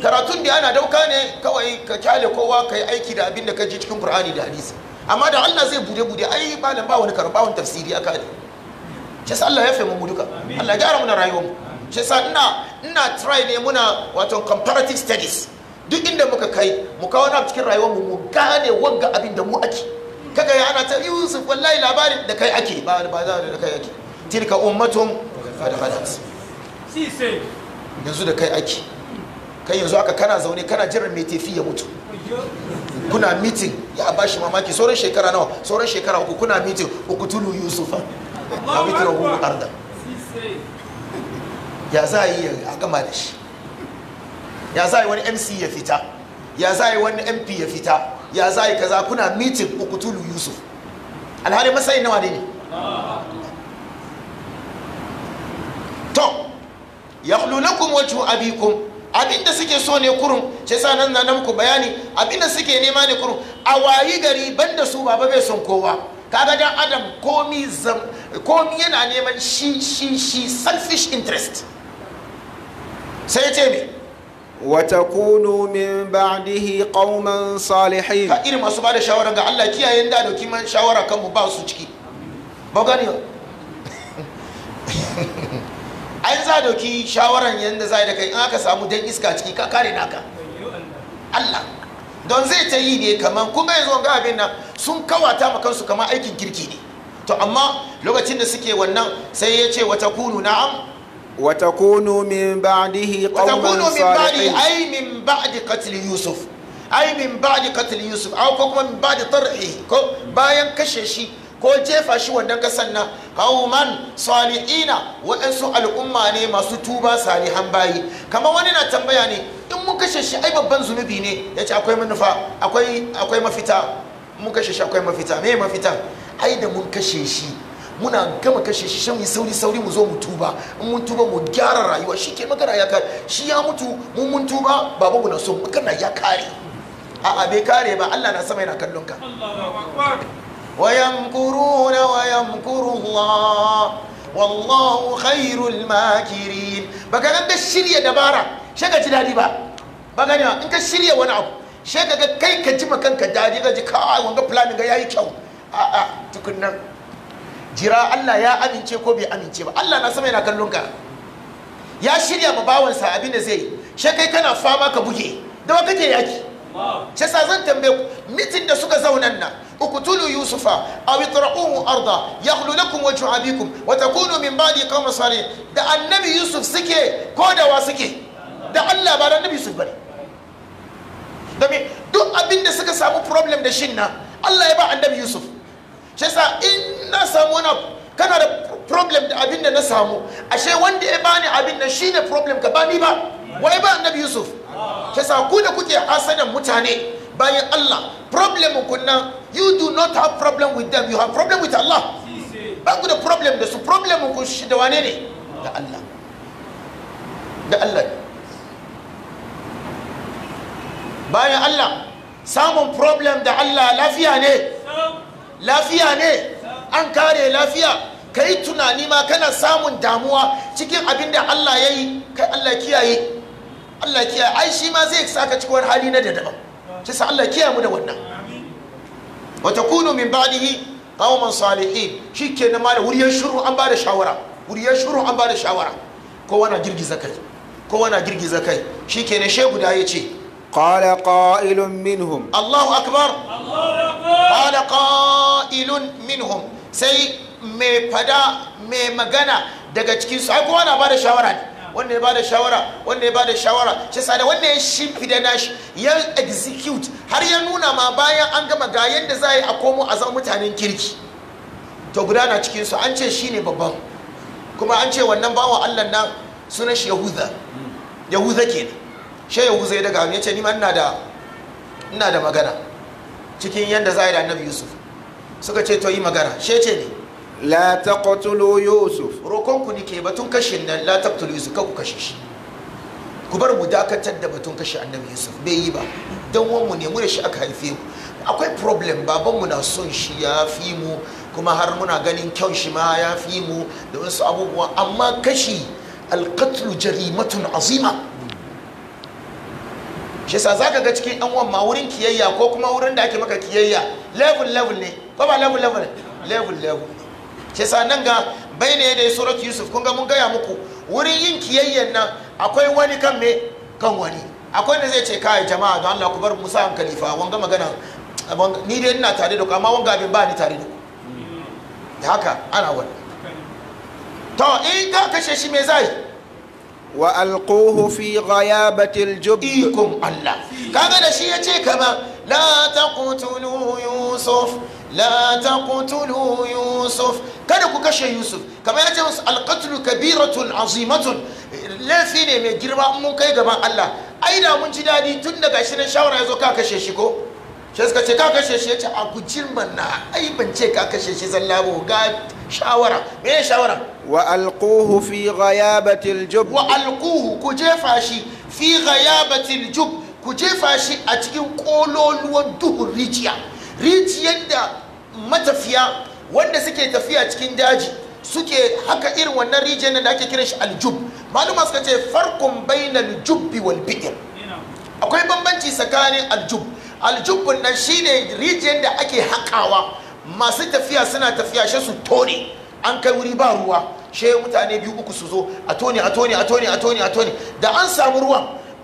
karatun da ana dauka ne kawai ka kyale kowa ka yi aiki da abin da ka ji cikin Qur'ani da hadisi amma da Allah zai bude bude ai malam ba wani karba wani tafsiri aka ne shi sa Allah ya fahimu mu duka Allah ya gyara mu na rayuwar mu shi sa ina ina try ne muna wato comparative studies duk inda muka kai mu kawo na cikin rayuwar mu mu gane wanga abin da mu ake kaga ana ta Yusuf wallahi labarin da kai ake ba ba za da kai ake tilka ummatun si se yanzu da kai ake kai yanzu aka kana zaune kana jiran mai tafi ya mutu kuna meeting ya bashi mamaki sauran shekara nawa sauran shekara uku kuna meeting uku tulu yusufa a mitin rahu arda ya za a yi a gama da shi ya za wani mc ya fita ya za wani mp ya fita ya za kaza kuna mitin ukutulu yusuf alhali matsayin nawa ne to ya lakum wacce abikun abinda suke so ne kurun ce sa nan nan ku bayani abinda suke nema ne kurun a wayi gari banda su baba bai son kowa kaga dan adam komi zam komi yana neman shi shi shi selfish interest sai ce me watakunu min ba'dihi qauman salihin ka irin masu bada shawara ga Allah kiyaye da doki man shawara kan mu ba su ciki ba gani ai za doki shawaran yanda zai da kai in aka samu dan iska ciki ka kare naka Allah don zai ta yi ne kaman kuma yanzu ga abin nan sun kawata ma kansu kaman aikin kirki ne to amma lokacin da suke wannan sai ya ce watakunu na'am وتكونوا من بعده قوما وتكونوا أي من بعد قتل يوسف أي من بعد قتل يوسف أو كما من بعد طرحه باين كششي ko jefa shi wannan kasan na qauman salihina waɗansu al'umma ne masu tuba salihan bayi kama wani na tambaya ne in mun kashe shi ai babban zunubi ne ya ce akwai manufa akwai mafita mun kashe shi akwai mafita me mafita ai da mun kashe shi muna gama kashe shi shan sauri sauri mu zo mu tuba in mun tuba mu gyara rayuwa shi ke magana ya kare shi ya mutu mun mun tuba baba mu na so magana ya kare a bai kare ba Allah na sama yana kallon ka ويمكرون ويمكر الله والله خير makirin. baka nan da shirya dabara sai ka ji dadi ba baka ne in ka shirya wani abu sai ka ga kai ka ji makanka dadi ka ji ka wanga planning ga yayi kyau a a tukunnan jira Allah ya amince ko bai amince ba Allah na sama yana kallon ka ya shirya ma bawansa abin da zai shi kai kana fama ka buge da kake yaki shi sa zan tambaye ku mitin da suka zaunan nan uqtulu yusufa aw itra'uhu arda yakhlu lakum wajhu abikum wa takunu min ba'di qawmin salih da annabi yusuf suke ko da wa suke da Allah ba da annabi yusuf bane domin duk abin da suka samu problem da shin nan Allah ya ba annabi yusuf shi sa in na samu wani kana da problem da abin da na samu ashe wanda ya bani abin da shine problem ka bani ba wai ba annabi yusuf shi sa ku da kuke hasanan mutane bayan allah problem ku nan you do not have problem with them you have problem with allah ba ku da problem da su problem ku shi da wane ne da allah da allah bayan allah samun problem da allah lafiya ne lafiya ne an kare lafiya ka yi tunani ma kana samun damuwa cikin abin da Allah ya yi kai Allah kiyaye Allah kiyaye ai shi ma zai saka cikin wani hali na da daban shi sa Allah kiyaye mu da wannan wa takunu min ba'dihi qauman salihin ke na mara wuriyar shuru an ba da shawara wuriyar shuru an ba da shawara kowa na girgiza kai kowa na girgiza kai na shegu da ya ce قال قائل منهم الله أكبر قال قائل منهم سي mai فدا mai magana daga cikin su ai kowa na bada shawara ne wanda ya bada shawara wanda ya bada shawara shi sa da wannan shi shimfida nashi ya execute har ya nuna ma bayan an gama ga yadda za a yi a komo a zama mutanen kirki to guda na cikin su an ce shi ne babban kuma an ce wannan bawan Allah nan sunan shi Yahuza Yahuza kenan shi ya daga ya ce nima ina da ina da magana cikin yadda za a yi da annabi yusuf suka ce to yi magana shi ce ne la taqtulu yusuf rokonku ne ke batun kashin nan la taqtulu yusuf ka ku kashe shi ku bar mu dakatar da batun kashe annabi yusuf bai yi ba don wanmu ne mu da shi aka haife mu akwai problem mu na son shi ya fi mu kuma har muna ganin kyau shi ma ya fi mu da wasu abubuwa amma kashi alkatlu jarimatun azima shi sa ka ga cikin yan wanma wurin kiyayya ko kuma wurin da ake maka kiyayya level level ne ko ba level level level level shi sa nan ga bayyana da surat yusuf kun ga mun gaya muku wurin yin kiyayyan nan akwai wani kan me kan wani akwai da zai ce kai jama'a don Allah ku bar Musa an khalifa wanga magana ni dai ina tare da ku amma wanga abin ba ni tare da ku da haka ana wani to in ka kashe shi me yi. wa alquhu fi ghayabatil jub ikon Allah kaga da shi yace kama la taqtulu yusuf la taqtulu yusuf kada ku kashe yusuf kama yace musu alqatlu kabiratun azimatun laifi ne mai girma mun kai gaban Allah ai da mun ji dadi tun daga shi nan shawara yazo ka kashe shi ko shi suka ce ka kashe shi yace a gujin manna ai ban ce ka kashe shi zallabo ga shawara me shawara wa alquhu fi ghayabati aljub wa alquhu ku jefa shi fi ghayabati aljub ku jefa shi a cikin kololuwan duhun rijiya rijiyar da matafiya wanda suke tafiya cikin daji suke haka irin wannan rijiyar da ake kiran shi aljub Malama suka ce farkon bainal jubbi wal bi'r akwai bambanci tsakanin aljub aljubun nan shine rijiyar da ake hakawa masu tafiya suna tafiya shi su tone an kai wuri ba ruwa she mutane biyu uku su zo a tone a tone a tone a tone a tone da an samu ruwan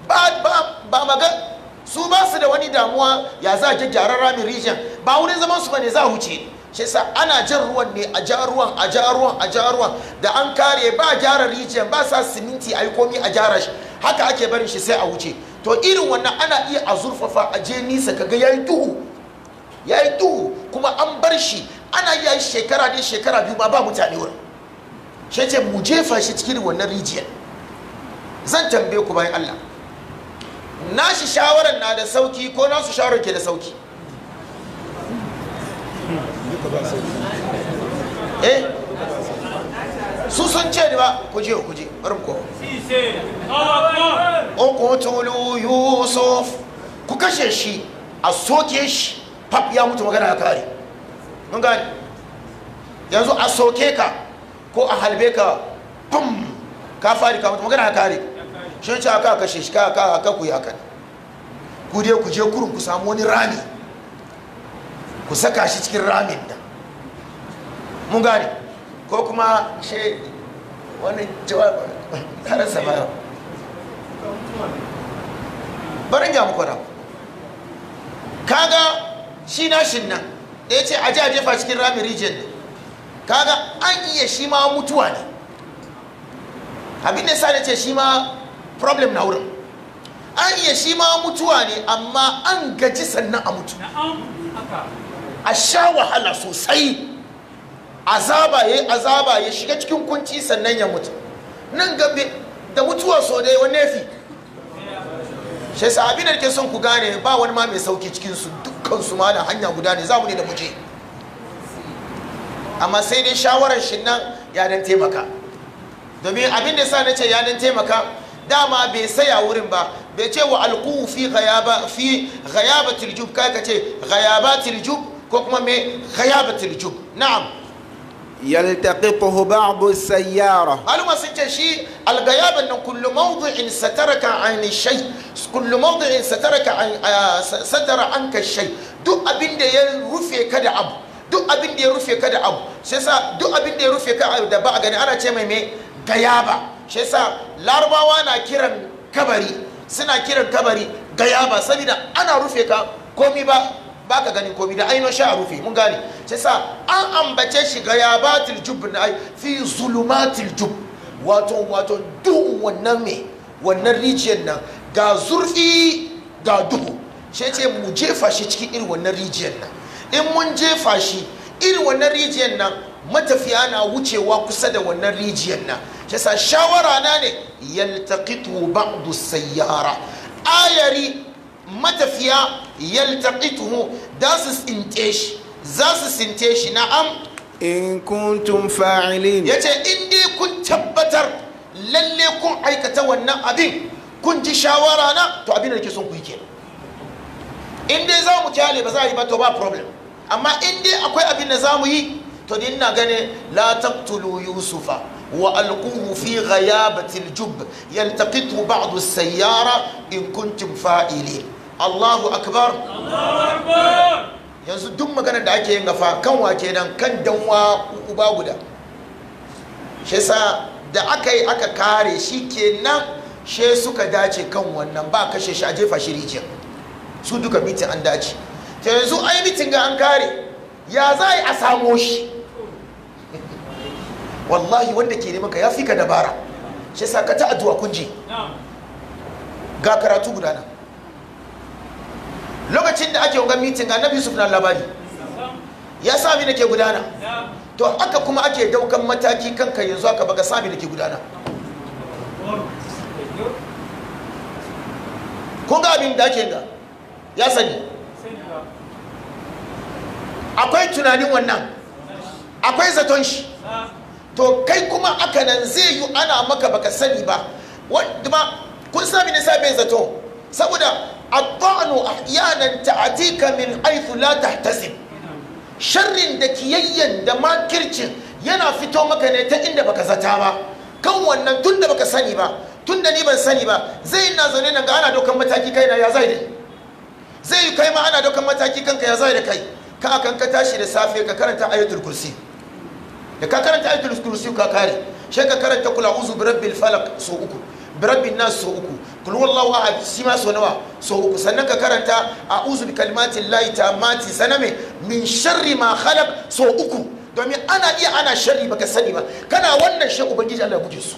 ba ba ba su ba su da wani damuwa ya za ki gyara ramin rijiyar ba wurin zaman su bane za huce shi sa ana jin ruwan ne a ja ruwan a ja ruwan a ja ruwan da an kare ba gyara rijiyar ba sa siminti a yi komi a gyara shi haka ake barin shi sai a wuce to irin wannan ana iya a zurfafa a je nisa kaga yayi duhu ya yi duhu kuma an bar shi ana yi shekara ne shekara biyu ma ba mutane wurin shi ce mu jefa shi cikin wannan rijiyar zan tambaye ku bayan Allah shi shawarar na da sauki ko nasu shawarar ke da sauki eh su sun ce ne ba ku je ku je bari ku ko tulu yusuf ku kashe shi a soke shi pap ya mutu magana ya kare mun gani yanzu a soke ka ko a halbe ka pum ka fari ka mutu magana ya kare shi ce aka kashe shi ka aka aka ku ya yakan ku dai ku je kurun ku samu wani rami ku saka shi cikin ramin da mun gani ko kuma she wani jawabin harasa bayan barin ya mu da kaga shi nashin nan da ya ce a ji a jefa cikin rami rijiyar ne kaga an iya shi ma mutuwa ne abin da sa da ce shi ma problem na wurin an iya shi ma mutuwa ne amma an gaji sannan a mutu a sha wahala sosai azaba ya azaba ya shiga cikin kunci sannan ya mutu nan gabe da mutuwa so dai wani nefi. shi sa abin da ke son ku gane ba wani ma mai sauki cikin su dukkan su hanya guda ne zamu ne da muje amma sai dai shawarar shi nan ya dan taimaka domin abin da sa na ce ya dan taimaka dama bai saya wurin ba bai ce wa alqu fi ghayaba fi ghayabatil jub kai ka ce ghayabatil jub ko kuma me ghayabatil jub na'am yaltaqiquhu ba'du sayyara alma sun ce shi algayaban nan kullu mawdi'in sataraka an shay kullu mawdi'in sataraka an satara anka shay duk abin ya rufe ka da abu duk abin ya rufe ka da abu sai sa duk abin ya rufe ka da ba a gani ana ce mai me gayaba sai sa larabawa na kiran kabari suna kiran kabari gayaba saboda ana rufe ka ba ba ka gani komi da ainihin sha rufe mun gane sai sa an ambace shi ga yabatil jub na fi zulumatil jub wato wato duhun wannan me wannan rijiyar nan ga zurfi ga duhu sai ce mu jefa shi cikin irin wannan rijiyar nan in mun jefa shi irin wannan rijiyar nan matafiya na wucewa kusa da wannan rijiyar nan sai sa shawara na ne yaltaqitu ba'du sayyara ayari matafiya yaltaqituhu da su tsinte shi za su tsinte shi na'am in kuntum fa'ilin yace in dai kun tabbatar lalle kun aikata wannan abin kun ji shawara na to abin da ke son ku yi kenan in dai za mu kyale ba za a yi ba to ba problem amma in dai akwai abin da za mu yi to da ina gane la taqtulu yusufa wa alquhu fi ghayabati aljub yaltaqithu ba'd as-sayyara in kuntum fa'ilin Allahu akbar yanzu duk maganar da ake yin gafa kan wake nan kan danwa uba guda shi sa da aka yi aka kare shi kenan she suka dace kan wannan ba kashe shi a jefa shi rijiyar su duka mitin an dace ta yanzu an mitin ga an kare ya za a samo shi wallahi wanda ke neman ka ya fi ka dabara shi sa ka ta addu'a kunji ga karatu guda nan lokacin da ake wanga mitin annabi yusuf na labari ya sami da ke gudana to aka kuma ake daukan mataki kanka yanzu aka baga sami da ke gudana kun ga abin da ake ga ya sani akwai tunanin wannan akwai zaton shi to kai kuma aka nan zai yi ana maka baka sani ba wanda kun sami nisa bai zato saboda الطعن احيانا تعتيك من حيث لا تحتسب sharrin da kiyayyen da makircin yana fito maka ne ta inda baka zata ba kan wannan tun da baka sani ba tun ni ban sani ba zai na zaune nan ga ana dokan mataki kaina ya zai da zai yi kai ma ana dokan mataki kanka ya zai da kai ka akan ka tashi da safe ka karanta kursi da ka karanta kursi ka kare ka karanta uku uku kul wallahu ahad shi ma so nawa so ka karanta a'udhu bi kalimatin lahi tammati saname min sharri ma khalaq so uku domin ana iya ana sharri baka sani ba kana wannan shi ubangiji Allah ya guje su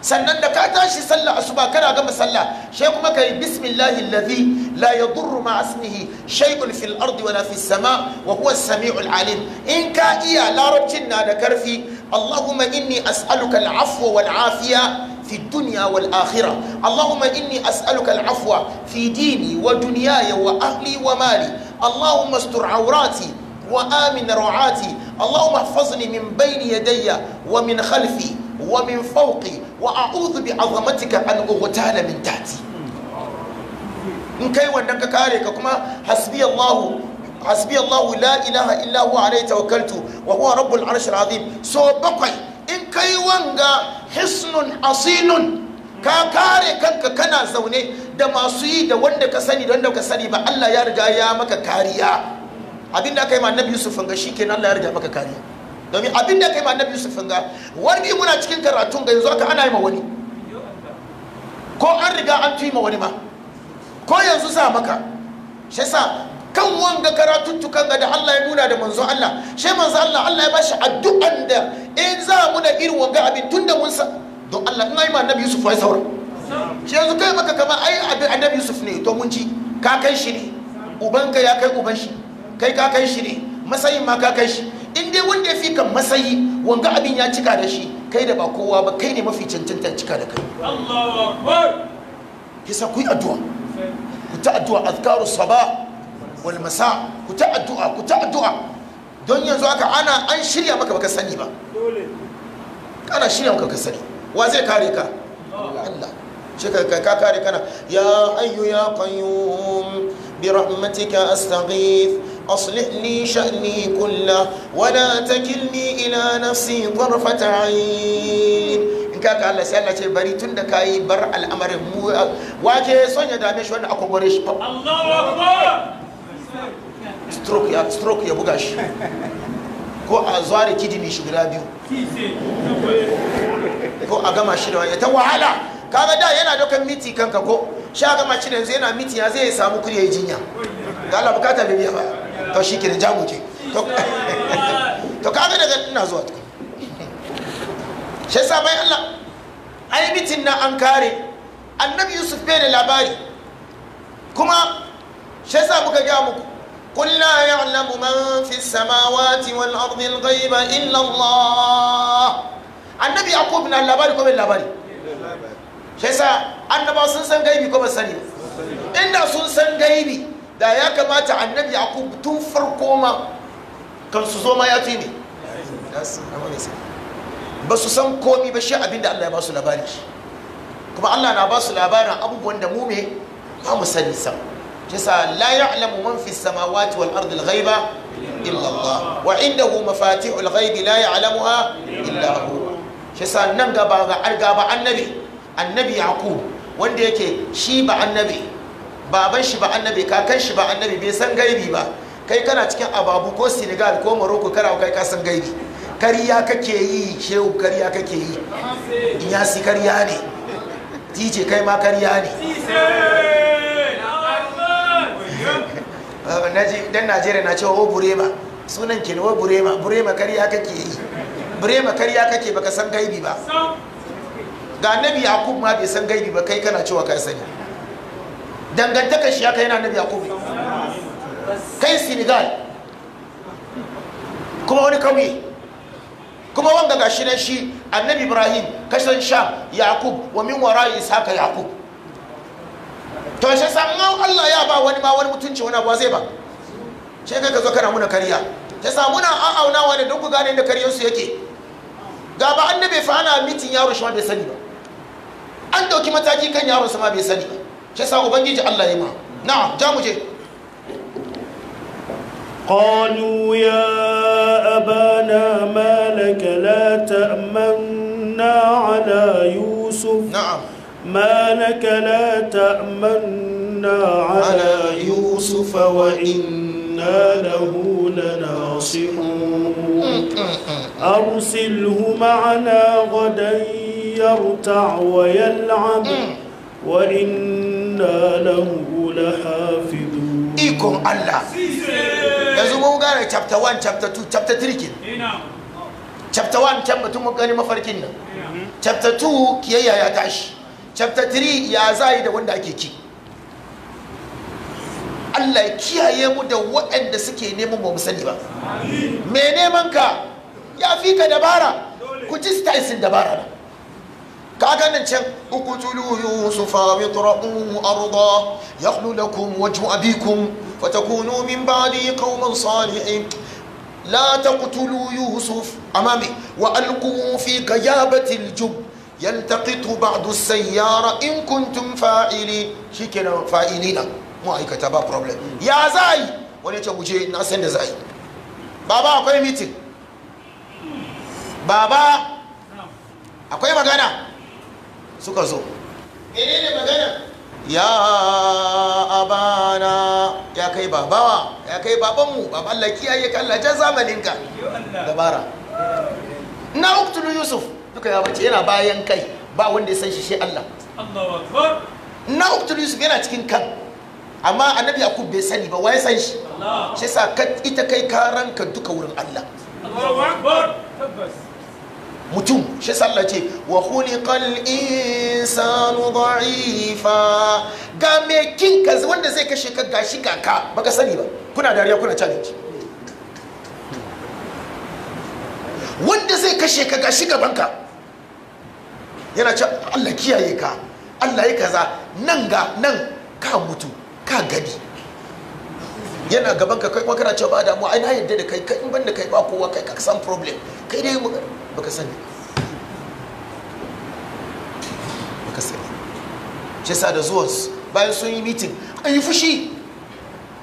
sannan da ka tashi sallah asuba kana gama sallah shi kuma ka yi bismillahi alladhi la yadurru ma asmihi shay'un fil ardi wala fis sama wa samiul alim in ka iya larabcin na da karfi allahumma inni as'aluka al-afwa wal afiya في الدنيا والآخرة اللهم إني أسألك العفو في ديني ودنياي وأهلي ومالي اللهم استر عوراتي وآمن روعاتي اللهم احفظني من بين يدي ومن خلفي ومن فوقي وأعوذ بعظمتك أن أغتال من تحتي إن كي وندك كاريك كما حسبي الله حسبي الله لا إله إلا هو عليه توكلت وهو رب العرش العظيم سو بقي in kai wanga hisnun asilun ka kare kanka kana zaune da masu yi da wanda ka sani da wanda ka sani ba Allah ya riga ya maka kariya abin da kai yi ma annabi Yusuf ga shikenan Allah ya riga maka kariya domin abin da kai yi ma annabi Yusuf ga wani muna cikin karatun ga yanzu aka ana yi ma wani ko an riga an tuyi ma wani ma ko yanzu za maka shi yasa kan wanga karatuttukan ga da Allah ya nuna da manzo Allah shi manzo Allah Allah ya bashi addu'an da in za mu da irin wanga abin tunda mun sa don Allah in ai ma annabi Yusuf ya saura shi yanzu kai maka kamar ai abin annabi Yusuf ne to mun ci ka kai shi ne ubanka ya kai uban shi kai ka kai shi ne masayin ma ka kai shi in dai wanda ya fi kan masayi wanga abin ya cika da shi kai da ba kowa ba kai ne mafi cancanta cika da kai Allahu akbar kisa ku yi addu'a ku ta addu'a azkaru sabah walmasa ku ta addu'a ku ta addu'a don yanzu aka ana an shirya maka baka sani ba ana shirya maka baka sani wa zai kare ka Allah shi ka ka kare kana ya ayyu ya qayyum bi rahmatika astaghith aslih li sha'ni kullah wa la takilni ila nafsi tarfat 'ayn kaka Allah sai Allah ce bari tunda da kayi bar al'amarin mu wake son ya dame shi wanda aka gore shi Allahu akbar stroke ya stroke ya buga shi ko a zuwa da kidini shi guda biyu ko a gama shi da wani ta wahala kaga da yana dokan miti kanka ko shi a gama shi da yanzu yana miti ya zai samu kuri ya yi jinya ga ala bukata da biya ba to shi kenan jamu ke to kaga daga ina zuwa ta shi sa bai Allah yi mitin na an kare annabi Yusuf bai da labari kuma shi yasa muka ga muku قل لا يعلم من في السماوات والأرض الغيب إلا الله annabi yakub na labari ko bai labari sai sa annaba sun san gaibi ko ba sani inda sun san gaibi da ya kamata annabi yakub tun farko ma kan su zo ma ya fi ne ba su san komi ba shi abinda Allah ya ba su labari kuma Allah na ba su labarin abubuwan da mu me ba mu sani sa. yasa la ya'lamu man fi samawati wal ardi al ghaiba illa Allah wa indahu al ghaibi la ya'lamuha illa hu yasa nan gaba ga arga ba annabi annabi yaqub wanda yake shi ba annabi baban shi ba annabi kakan shi ba annabi bai san gaibi ba kai kana cikin ababu ko senegal ko morocco kana kai ka san gaibi kariya kake yi shehu kariya kake yi in yasi kariya ne dj kai ma kariya ne Eh, dan najeriya na cewa o oh, burema sunan ke wa oh, burema burema karya kake yi burema karya kake baka san gaibi ba ga Nabi yakub ma bai san gaibi ba kai kana cewa ka sani dangantaka shi ya yana nabi yakub kai senegal kuma wani kauye kuma wanga gashi na shi annabi ibrahim kashin sham yakub wa min wara saka yakub to shi samu Allah ya ba wani ma wani mutunci wani ba zai ba shi kai ka zo kana muna kariya ta samu na a'aunawa wani duk gane da kariyar su yake ga ba annabi fa ana mitin yaro shi ma bai sani ba an dauki mataki kan yaro sama bai sani ba shi sa ubangiji Allah ya ma na'am ja mu je قالوا يا أبانا ما لك لا تأمنا ما لك لا تأمنا على يوسف وإنا له لناصحون أرسله معنا غدا يرتع ويلعب وإنا له لحافظون إيكم الله yanzu mun chapter 1 chapter 2 chapter 3 chapter 1 chapter batun mun gani mafarkin chapter 2 kiyayya ya tashi chapter 3 ya zayi da wanda ake ki Allah ya kiyaye mu da waɗanda suke neman ba mu sani ba me neman ka ya fi ka dabara ku ji stylesin dabara na kaga nan can uqtulu yusufa wa itraquhu arda yakhlu lakum wajhu abikum fatakunu min ba'di qauman salihin لا تقتلوا يوسف أمامي وألقوا في غيابة الجب yaltaqitu ba'du sayyara in kuntum fa'ili shikenan fa'ilina mu aikata ba problem ya zai wani ce guje na san da zai baba akwai meeting baba akwai magana suka zo menene magana ya abana ya kai babawa ya kai babanmu baban lakiya ya kallace zamaninka dabara na uktulu yusuf duka bace yana bayan kai ba wanda ya san shi shi Allah na uktul yusuf yana cikin kan amma annabi yakub bai sani ba wai san shi shi sa ita kai karan ka duka wurin Allah mutum shi sallah ce wa khuliqal insanu da'ifa ga me kin ka wanda zai kashe ka gashi kaka baka sani ba kuna dariya kuna challenge wanda zai kashe ka gashi gaban ka yana ce Allah kiyaye ka Allah ya kaza nan ga nan ka mutu ka gani yana gaban ka kai kuma kana cewa ba damuwa ai na yadda da kai kai ban da kai ba kowa kai ka san problem kai dai baka sani baka sani ce sa da zuwan bayan sun yi meeting an yi fushi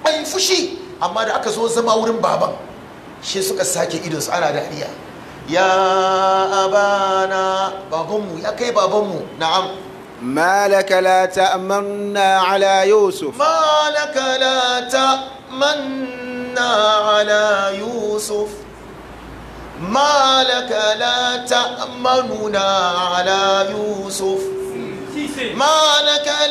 an yi fushi amma da aka zo zama wurin baban shi suka sake idon su ana dariya ya abana babanmu ya kai babanmu na'am malaka Malakalata ta'manna ala yusuf malaka la ala yusuf malaka la ala yusuf malaka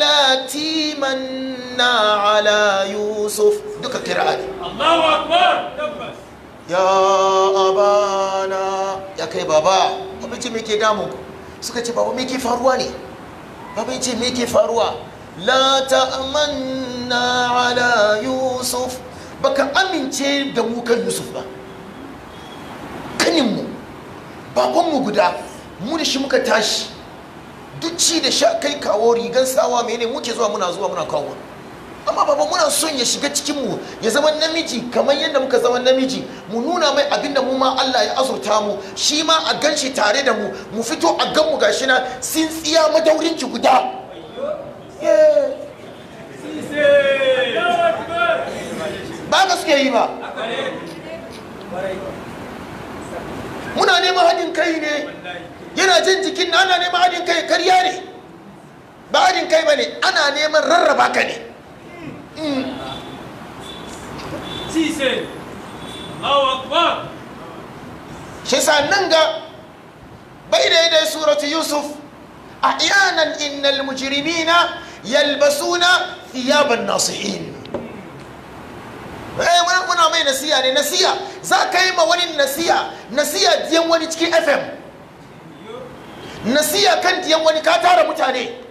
la ala yusuf duka kira'at Allahu ya abana ya kai baba abinci me ke damun ku suka ce baba me ke faruwa ne baba ya ce me ke faruwa la ta'amanna ala yusuf baka amince da mu kan yusuf ba kaninmu babanmu guda mu da shi muka tashi duk ci da sha kai kawo rigan sawa mene muke zuwa muna zuwa muna kawo amma baba muna son ya shiga cikin mu ya zama namiji kamar yadda muka zama namiji mu nuna mai abin da mu ma Allah ya azurta mu shi ma a ganshi tare da mu mu fito a gan mu gashi na sin tsiya madaurin ki guda ba ka suke yi ba muna neman haɗin kai ne yana jin jikin na ana neman haɗin kai karya ne ba haɗin kai ba ne ana neman rarraba ka ne sise shi sa nan ga bai daidai suratu yusuf ahyanan innal mujrimina yalbasuna thiyaban nasi'in eh wannan kuna mai nasiya ne nasiya za ka yi ma wani nasiya nasiya diyan wani cikin fm nasiya kan diyan wani ka tara mutane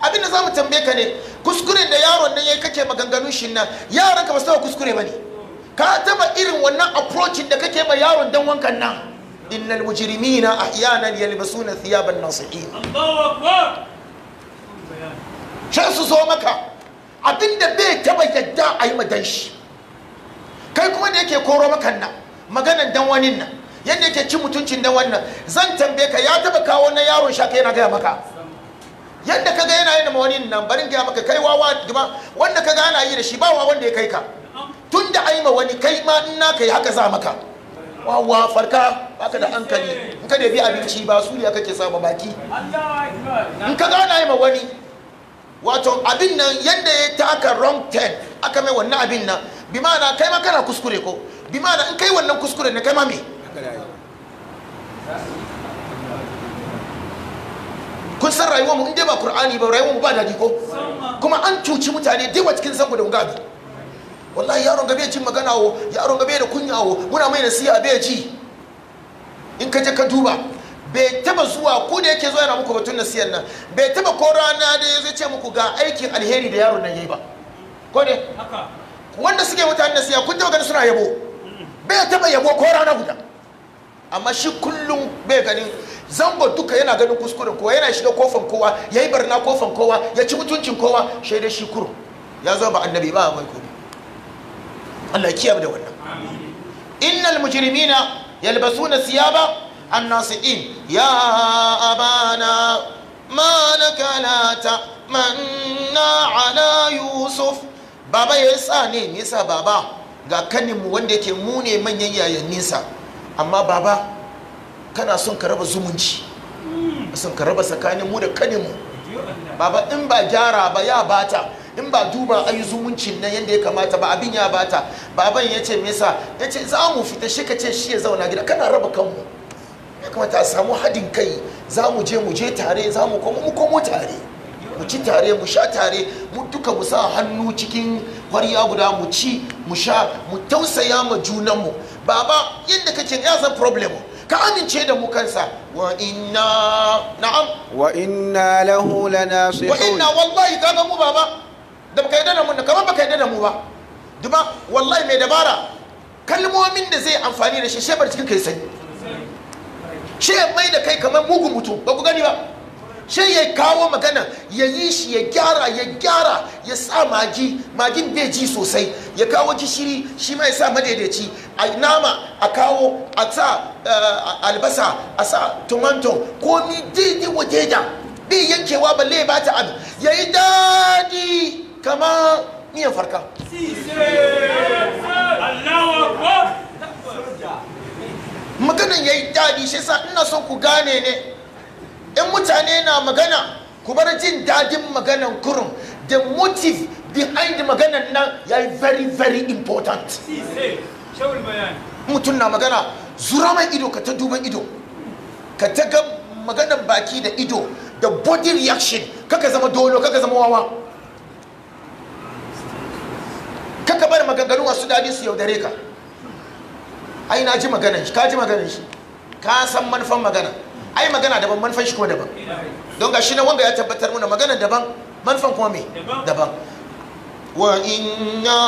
abinda za mu tambaye ka ne kuskure da yaron nan yi kake maganganun shi nan yaran ka ba su kuskure ba ne ka taba irin wannan approach da kake ma yaron dan wankan nan innal mujrimina ahyana yalbasuna thiyaban nasihin Allahu akbar sai su zo maka abinda bai taba yadda a yi madan shi kai kuma da yake koro maka nan maganan dan wanin nan yadda yake cin mutuncin dan wannan zan tambaye ka ya taba kawo na yaron shaka yana gaya maka yadda kaga yana yi da wani nan barin ga maka kai wawa gima wanda kaga ana yi da shi ba wanda ya kai ka tun da ai ma wani kai ma in na kai haka za maka wawa farka baka da hankali in ka da bi abinci ba su ne kake sa baki in ka ana yi ma wani wato abin nan yadda ya taka wrong ten aka mai wannan abin nan bi ma na kai ma kana kuskure ko bi ma na in kai wannan kuskure ne kai ma me kun san rayuwar mu in dai ba qur'ani ba rayuwar mu ba daɗi ko kuma an cuci mutane dai wa cikin sanku da mugabi wallahi yaron gabe cin magana wo yaron gabe da kunya wo muna mai nasiha bai ji in ka je ka duba bai taba zuwa ko da yake zuwa yana muku batun siyan nan bai taba ko rana da ya zai ce muku ga aikin alheri da yaron nan yayi ba ko ne wanda suke mutane siya kun taba ganin suna yabo bai taba yabo ko rana guda amma shi kullum bai ganin zango duka yana ganin kuskuren kowa yana shiga kofan kowa yi barna kofan kowa ya ci mutuncin kowa shaidai shi kuro ya zo ba annabi ba mai komi Allah kiyar da wannan innal mujrimina yalbasuna siyaba annasiin ya abana ma laka la manna ala yusuf baba yasa sa ne nisa baba ga kaninmu wanda yake mune manyan yayan nisa amma baba kana son ka raba zumunci son ka raba tsakanin mu da kanin mu baba in ba gyara ba ya bata in ba duba ayi zumuncin nan yadda ya kamata ba abin ya bata baban ya ce mesa ya ce za mu fita shi ka ce shi ya zauna gida kana raba kanmu ya kamata a samu hadin kai za mu je mu je tare za mu komo mu komo tare mu ci tare mu sha tare mu duka mu sa hannu cikin kwariya guda mu ci mu sha mu tausaya ma junanmu baba yadda kake ya san problem ka amince da mu kansa wa inna na'am wa inna lahu lanasihun wa inna wallahi kaga mu baba da baka yadda da mu kamar baka yadda da mu ba duba wallahi mai dabara kalmomin da zai amfani da shi shebar cikin kai sai she mai da kai kamar mugun mutum ba ku gani ba Sai ya kawo magana ya yi shi ya gyara ya gyara ya sa magi magin bai ji sosai ya kawo gishiri shi ma ya sa madaidaici a nama a kawo a sa eh, albasa a sa tomato ko ni daidai wajeja bai yankewa balle ba ta abu ya yi daɗi kama miyan farka maganan ya yi daɗi shi sa ina son ku gane ne in mutane na magana ku bar jin dadin maganan kurum the motive behind maganan nan ya yi very very important mutum na magana zura mai ido ka ta duban ido ka ta ga maganan baki da ido da body reaction kaka zama dolo kaka zama wawa kaka bar maganganu wasu dadi su yaudare ka ai na ji maganan shi ka ji maganan shi ka san manufan magana ai magana daban manufan shi kuma daban don gashi na wanga ya tabbatar muna magana daban manufan kuma me daban wa inna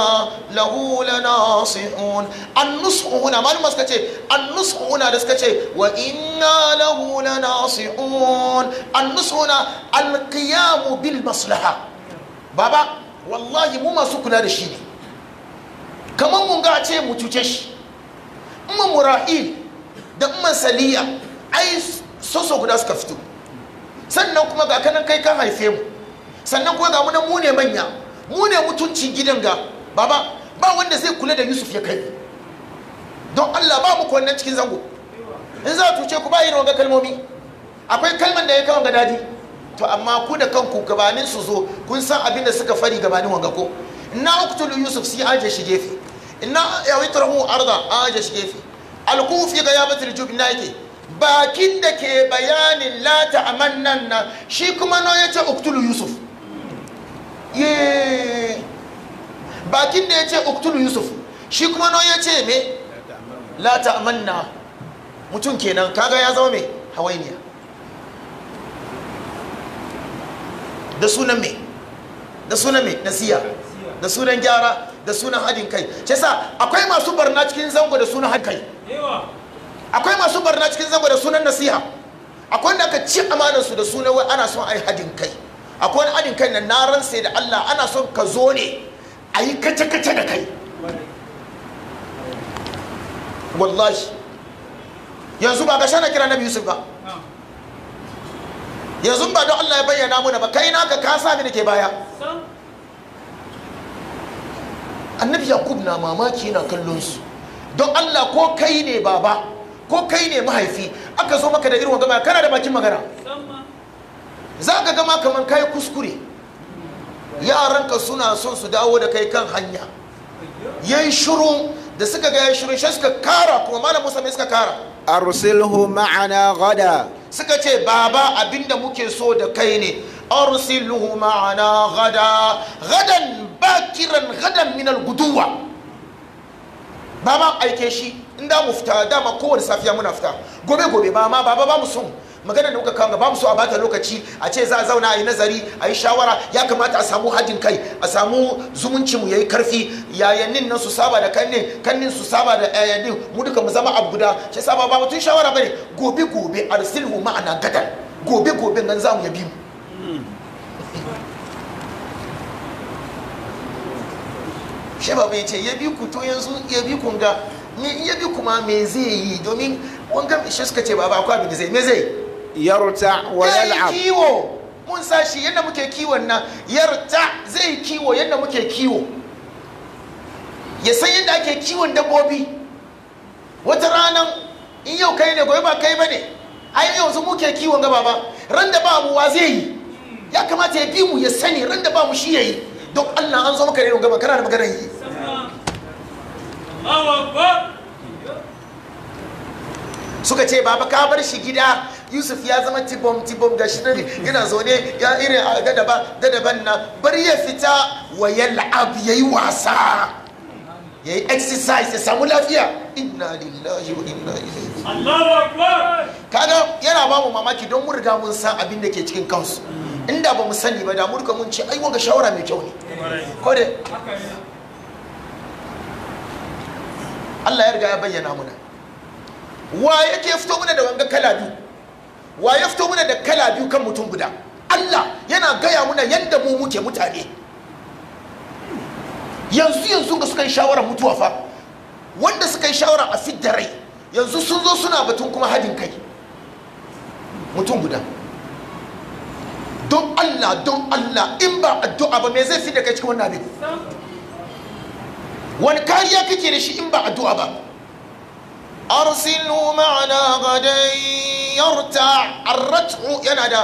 lahu lanasihun annusuhuna malama suka ce annusuhuna da suka ce wa inna lahu lanasihun annusuhuna alqiyamu bil maslaha baba wallahi mu masu kula da shi ne kaman mun ga ce mu cuce shi mu murahil da mu saliya ai soso guda suka fito sannan kuma ga kanan kai ka haife mu sannan kuma ga mu mu ne manya mu ne mutuncin gidan ga baba ba wanda zai kula da yusuf ya kai don allah ba muku wannan cikin zango in za tuce ku ba yin wanga kalmomi akwai kalman da ya kawo ga dadi to amma ku da kanku gabanin su zo kun san abin da suka fari gabanin wanga ko inna uqtulu yusuf si aje shi gefe inna yawitrahu arda aje shi gefe alqufi ga yabatul jub na yake bakin da ke bayanin lata a mannan nan shi kuma no ya ce uktulu yusuf bakin da ya ce uktulu yusuf shi kuma no ya ce me lata a manna mutum kenan kaga ya zama me hawainiya da sunan me da sunan me nasiya da sunan gyara da sunan hadin kai ce sa akwai masu barna cikin zango da sunan hadin kai akwai masu barna cikin zango da sunan nasiha akwai wanda aka ci amanansu da sunan wai ana son a yi hadin kai akwai wani hadin kai na naran sai da Allah ana son ka zo ne a yi kace kace da kai wallahi yanzu ba ga shana kira nabi yusuf ba yanzu ba don Allah ya bayyana muna ba kai naka ka sa mini ke baya annabi yakub na mamaki na kallon su don Allah ko kai ne baba ko kai ne mahaifi aka zo maka da irin wanga kana da bakin magana za ka gama kamar kayi kuskure yaranka suna son su dawo da kai kan hanya yan shiru da suka ga yan shiru sai suka kara kuma malam Musa mai suka kara arsilhu ma'ana gada suka ce baba abinda muke so da kai ne arsilhu ma'ana gada gadan bakiran gadan minal guduwa baba aike shi in da mu fita dama kowane safiya muna fita gobe gobe ba ma baba ba mu magana da muka kama ba mu so a bata lokaci a ce za a zauna a yi nazari a yi shawara ya kamata a samu hadin kai a samu zumunci mu yi karfi yayannin nan su saba da kannin kannin su saba da yayannin mu duka mu zama abu guda shi saba ba mutun shawara bane gobe gobe arsilhu ma'ana gadan gobe gobe nan za mu yabi mu shi bai ce ya bi ku to yanzu ya bi kun ga ni ya bi kuma me zai yi domin wangan shi suka ce baba ba abin da zai me zai yarta wa yal'ab kiwo mun sa shi yadda muke kiwon nan yarta zai kiwo yadda muke kiwo ya san yadda ake kiwon dabbobi wata ranan in yau kai ne gobe ba kai ba ne ai yanzu muke kiwon gaba ba ran da ba mu wa zai yi ya kamata ya bi mu ya sani ran da ba mu shi ya yi don allah an zo maka ne gaba kana da maganar yi suka ce baba ka bar shi gida yusuf ya zama tibom tibom gashi yana zaune ya irin dadaba gadaban na bar ya fita wa ya ya yi wasa ya yi exercise ya samu lafiya inna lillahi wa inna ilaihi yana ba mu mamaki don mun riga mun san abin da ke cikin kansu inda ba mu sani ba da mun mun ce ai ga shawara mai kyau ne ko Allah ya riga ya bayyana muna wa yake fito muna da wanga kala biyu wa ya fito muna da kala biyu kan mutum guda Allah yana gaya muna yadda mu muke mutane yanzu yanzu ga suka yi shawarar mutuwa fa wanda suka yi shawara a fidda rai yanzu sun zo suna batun kuma hadin kai mutum guda don Allah don Allah in ba addu'a ba me zai fi da kai cikin wannan abin wani kariya kake da shi in ba addu'a ba arsilhu ma'ana gadan yarta arrat'u yana da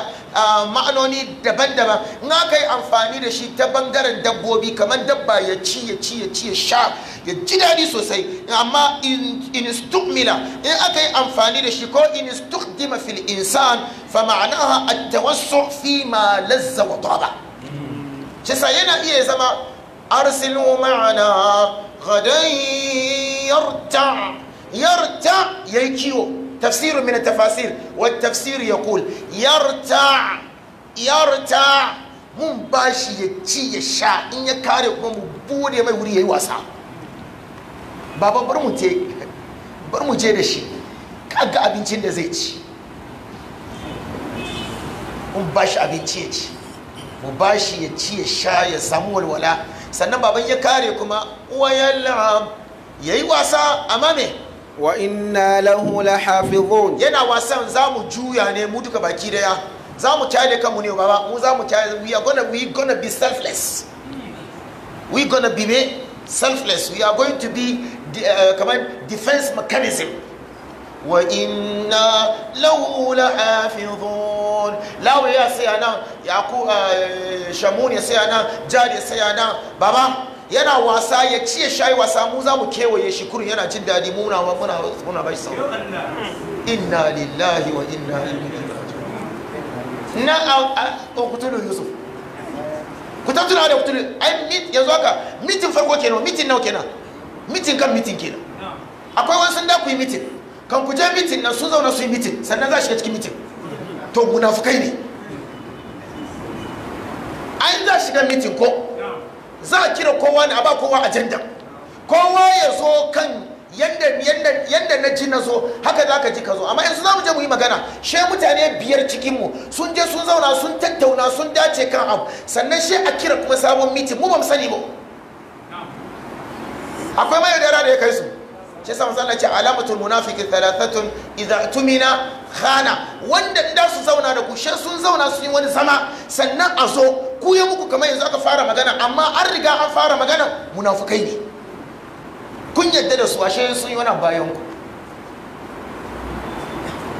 ma'anoni daban-daban in aka yi amfani da shi ta bangaren dabbobi kamar dabba ya ci ya ci ya ci ya sha ya ji daɗi sosai amma in istumila in aka yi amfani da shi ko in istukdima fil insan fa ma'anaha at-tawassu fi ma lazza wa taba mm. shi yana iya zama arsilu ma'ana gadan yarta yarta yayi kiwo tafsir min tafasir wa tafsir yaqul yarta yarta mun bashi ya ci ya sha in ya kare kuma mu bude mai wuri yayi wasa baba bar mu je da shi kaga abincin da zai ci mun bashi abinci ya ci mu ya ci ya sha ya samu walwala sannan baban ya kare kuma wa ya yi wasa a mame. wa inna lahu lahafizun yana wasan za mu juya ne mu duka baki daya zamu tare kanmu ne baba mu zamu tare we are gonna we gonna be selfless we gonna be selfless we are going to be uh, defense mechanism وإنا له لحافظون لو يا سيانا ya شمون يا سيانا جاد يا سيانا بابا yana wasa ya ci ya shayi wasa mu za mu kewaye shi kurin yana jin daɗi muna wa muna muna bai sau inna lillahi wa inna ilaihi raji'un na a kutulu yusuf ku ta tuna da kutulu ai mit yanzu haka mitin farko kenan mitin nawa kenan mitin kan mitin kenan akwai wani sun da ku yi mitin kan ku je mitin nan sun zauna su yi mitin sannan za shiga cikin mitin to munafukai ne an za shiga mitin ko za a kira kowa ne a ba kowa ajanda kowa ya zo kan yadda na ji na zo haka za ka ji ka zo amma yanzu za mu je mu yi magana she mutane biyar cikinmu sun je sun zauna sun tattauna sun dace kan abu sannan she a kira kuma sabon mitin mu ba mu sani ba akwai mai da ya kai su shi sama manzo ce alamatul munafiki thalathatun idza tumina khana wanda da su zauna da ku shi sun zauna su yi wani zama sannan a zo ku ya muku kamar yanzu aka fara magana amma an riga an fara magana munafukai ne kun yadda da su ashe sun yi wani bayan ku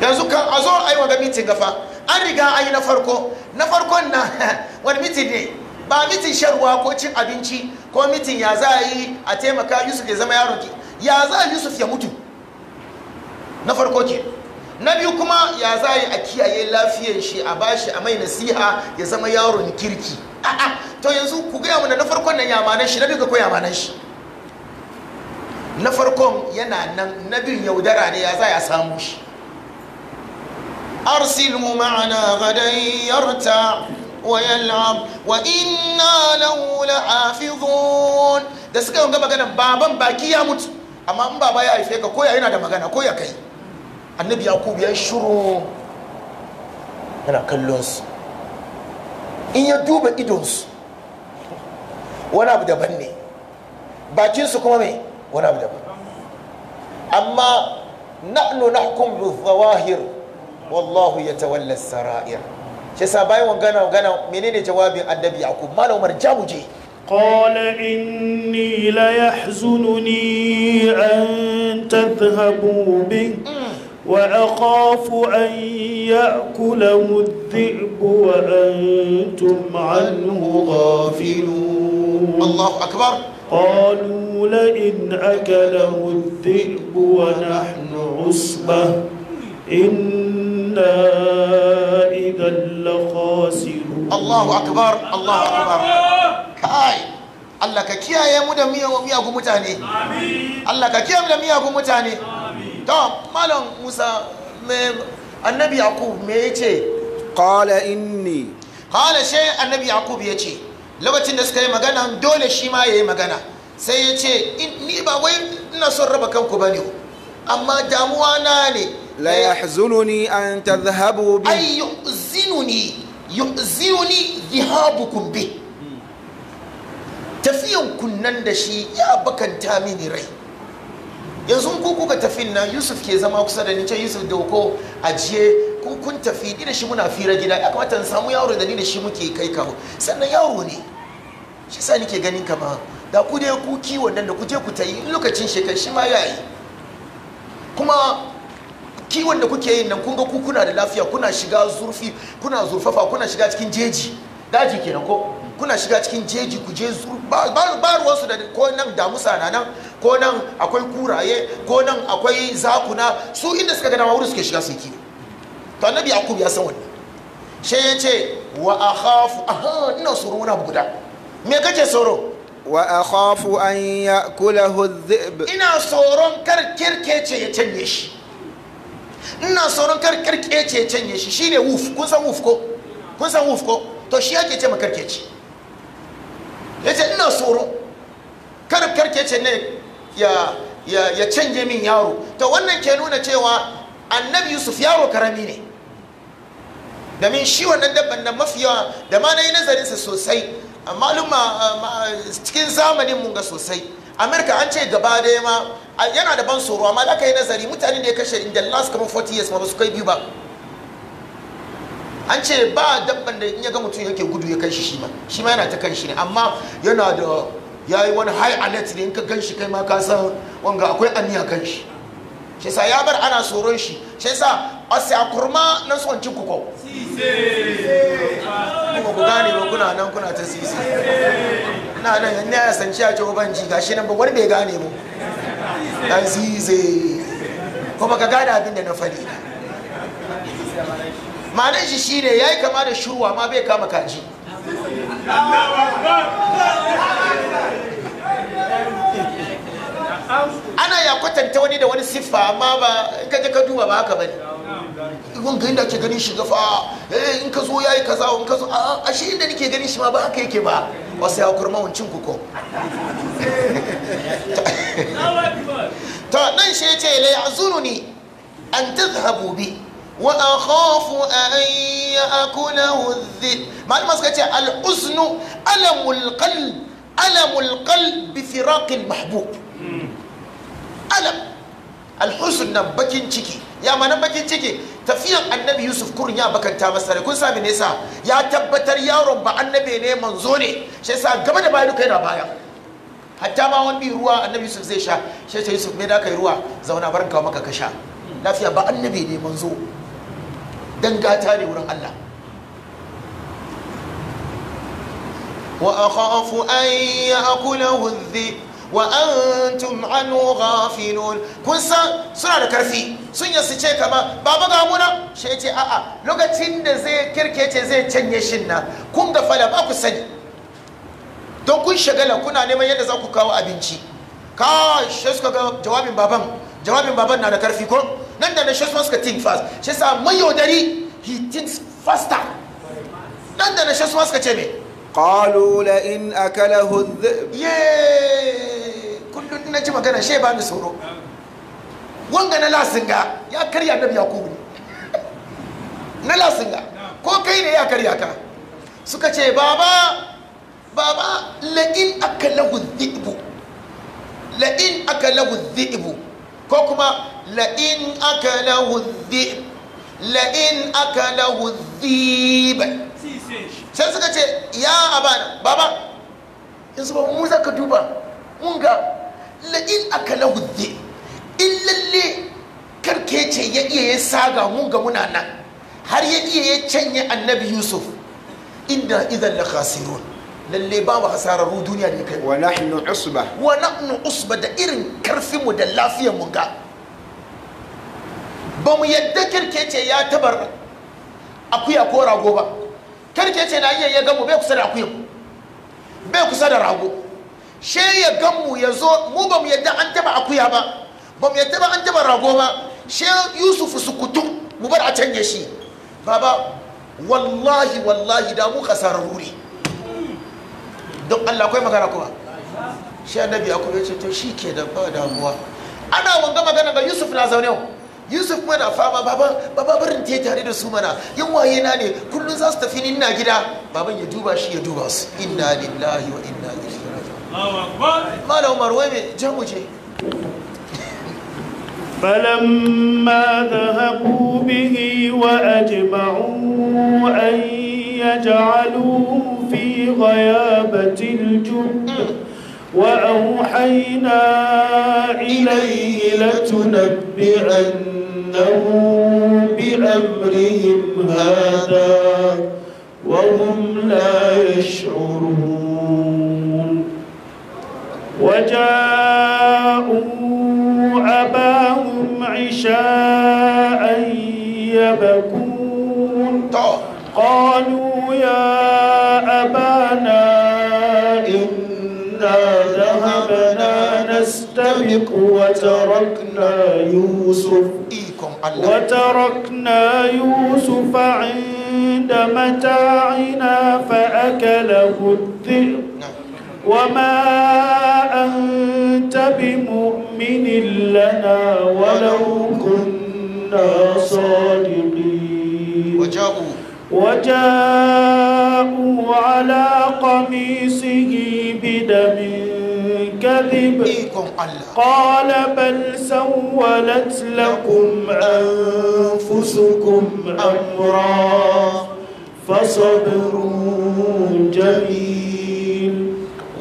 yanzu kan a zo a yi wanga mitin gafa an riga an yi na farko na farkon na wani mitin ne ba mitin shan ruwa ko cin abinci ko mitin ya za a yi a taimaka yusuf ya zama yaro ki ya za yusuf ya mutu na farko ke na biyu kuma ya za a kiyaye lafiyar shi a bashi a mai nasiha ya zama yaron kirki a'a to yanzu ku gaya mana na farkon nan yamanan shi na biyu ka koya yamanan shi na farkon yana nan na biyun yaudara ne ya za ya samu shi arsilhu ma'ana gadan yarta ويلعب وإنا له لحافظون da suka yi magana baban baki ya mutu amma in baba ya haife ka koya yana da magana koya kai annabi yakubu ya shiru yana kallon su in ya duba idonsu wani abu daban ne bakin su kuma mai wani abu daban amma na'nu nahkum bi zawahir wallahu yatawalla sarair shi sa bayan wangana wangana menene jawabin annabi yakub malamar umar jamuje قال إني ليحزنني أن تذهبوا به وأخاف أن يأكله الذئب وأنتم عنه غافلون الله أكبر قالوا لئن أكله الذئب ونحن عصبة إنا إذا لخاسرون الله أكبر الله أكبر kai Allah ka kiyaye mu da miyagun mutane Allah ka kiyaye mu da miyagun mutane to malam Musa annabi Yaqub me yace qala inni qala shay annabi Yaqub yace lokacin da suka yi magana dole shi ma yayi magana sai yace ni ba wai ina son raba kanku bane amma damuwa na ne la eh, yahzununi an tadhhabu bi ay yuzinuni yuzinuni dhahabukum bi tafiyan kunnan da shi ya bakanta mini rai yanzu ku kuka tafin nan yusuf ke zama kusa da ni can yusuf dauko ajiye kun kun tafi ni da shi muna fira gida ya kamata in samu yaro da ni da shi muke kai kawo sannan yaro ne shi sa nike ganin kama da ku dai ku kiwon nan da ku je ku ta yi lokacin shekar shi ma yayi kuma kiwon da kuke yin nan kun ga ku kuna da lafiya kuna shiga zurfi kuna zurfafa kuna shiga cikin jeji daji kenan ko kuna shiga cikin jeji ku je ba ruwansu da ko nan damusa na nan ko nan akwai kuraye ko nan akwai zakuna su inda suka gana wuri suke shiga suke yi to annabi yakub ya san wannan shi ya ce wa hafu aha ina tsoro wani abu guda me kake tsoro wa hafu an ya kula dhib ina tsoron kar kirkece ya canye shi ina tsoron kar kirkece ya canye shi shine wuf kun san wuf ko kun san wuf ko to shi yake ce makarkeci ya ce ina tsoro karkar ke ce ne ya canje min yaro ta wannan ke nuna cewa annabi yusuf yaro karami ne domin shi wannan dabban da mafi yawa da ma na yi nazarinsa sosai maluma ah, cikin zamanin mun ga sosai amerika an ce gaba daya ma yana da ban tsoro amma da aka yi nazari mutane da ya kashe inda last kamar 40 years ma ba su kai biyu ba an ce ba dabban da in ya ga mutum yake gudu ya kai shi shi ma shi ma yana ta kan shi ne amma yana da ya yi wani high alert ne in ka gan shi kai ma ka san wanga akwai aniya kan shi shi sa ya bar ana tsoron shi shi sa a kurma na tsoncin ku kau kuma ku gane ba kuna nan kuna ta sisi na nan ya sanci ya ce nan ba wani bai gane mu dan sisi kuma ka gane abin da na faɗi ma'anar shi shine yayi kama da shurwa ma bai kama kaji ana ya kwatanta wani da wani siffa amma ba in ka je ka duba ba haka bane in ga inda ke ganin shi gafa eh, in ka zo yayi kaza in ka zo a shi inda nake ganin shi ma ba haka yake ba wasu ya kurma wancin ku ko to nan shi yace la yazununi an tadhhabu bi وأخاف أن يأكله الذئب ما المسكة الحزن ألم القلب ألم القلب بفراق المحبوب ألم alhusun nan bakin ciki ya mana bakin ciki tafiyan annabi yusuf kurun ya bakanta masa kun sami nesa ya tabbatar yaron ba annabi ne manzo ne shi yasa gaba da baya duka yana baya hatta ma wani ruwa annabi yusuf zai sha sa yusuf me da kai ruwa zauna barin kawo maka ka sha lafiya ba annabi ne manzo dan gata ne wurin Allah wa akhafu an ya'kulahu adh wa antum anhu ghafilun kun san suna da karfi sun yi su ce kama baba ga muna shi ce a'a lokacin da zai kirkece zai canye shin na kun ga fala ba ku sani don kun shagala kuna neman yadda za ku kawo abinci ka shi suka ga jawabin baban jawabin baban na da karfi ko nan da na shi suka think fast shi sa yaudari he thinks faster nan da na shi suka ce me qalu la in akalahu adh-dhib ye kullun na ji magana shi ba ni sauro wanga na lasinga ya karya biya yakubu na lasinga ko kai ne ya karya ka suka ce baba baba la in akalahu adh la in akalahu adh ko kuma la'in aka lahu sai suka ce ya abana baba in su mu za ka duba mun ga la'in aka lahu dhib in lalle karke ce ya iya ya saga mun ga muna nan har ya iya ya canye annabi yusuf inda idan la khasirun lalle ba mu hasararru duniya da ya kai wa nahnu usba wa nahnu usba da irin karfin mu da lafiyar mu ga ba mu yadda kirkece ya tabar akuya ko rago ba ce na iya ya gamu bai kusa da akuya bai kusa da rago she ya gamu ya zo mu ba mu yadda an taba akuya ba ba mu yadda ba an taba rago ba she yusuf su sukutu mu bar a canje shi baba wallahi wallahi da mu kasararru ne don Allah kai magana kuma shi annabi yakub ya ce to shi ke da ba damuwa ana wanga magana ga yusuf na zaune yusuf mana fama baba baba barin te tare da su mana yan waye na ne kullum za su tafi ninna gida baban ya duba shi ya duba su inna lillahi wa inna ilaihi raji'un Allahu akbar malam Umar wai me jamuje فلما ذهبوا به وأجمعوا أن يجعلوه في غيابة الجب وأوحينا إليه لتنبئنه بأمرهم هذا وهم لا يشعرون وجاء أن يبكون طيب. قالوا يا أبانا إنا ذهبنا نستبق وتركنا يوسف وتركنا يوسف عند متاعنا فأكله الذئب نعم. وما أنت بمؤمن مؤمن لنا ولو كنا صادقين وجاءوا وجاءوا على قميصه بدم كذب قال بل سولت لكم أنفسكم أمرا فصبر جميل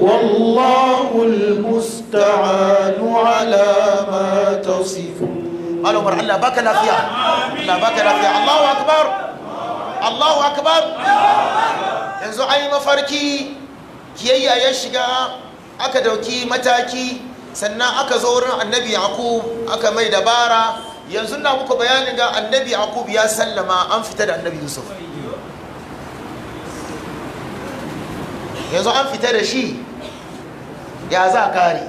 والله المستعان على ما تصفون الأمر الله بك لا الله بك لا الله الله yanzu an yi mafarki kiyayya ya shiga aka ɗauki mataki sannan aka zo wurin annabi yaqub aka mai dabara yanzu na muku bayanin ga annabi yaqub ya sallama an fita da annabi yusuf yanzu an fita da shi ya za kare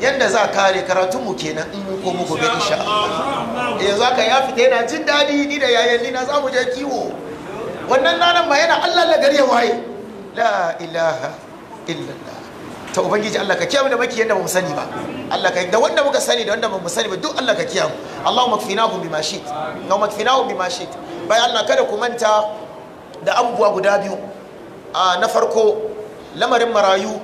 yadda za kare mu kenan in ko mu gobe insha Allah za eh, haka ya fita yana jin daɗi ni da yayan ni na za mu je kiwo wannan nanan ma yana Allah la gari ya waye la ilaha illallah ta ubangiji Allah ka kiyamu da maki yadda mu sani ba Allah ka da wanda muka sani da wanda mu sani ba duk Allah ka kiyamu Allahumma kfinahum bima shit Allahumma kfinahum bima shit bai Allah kada ku manta da abubuwa guda biyu ah, na farko lamarin marayu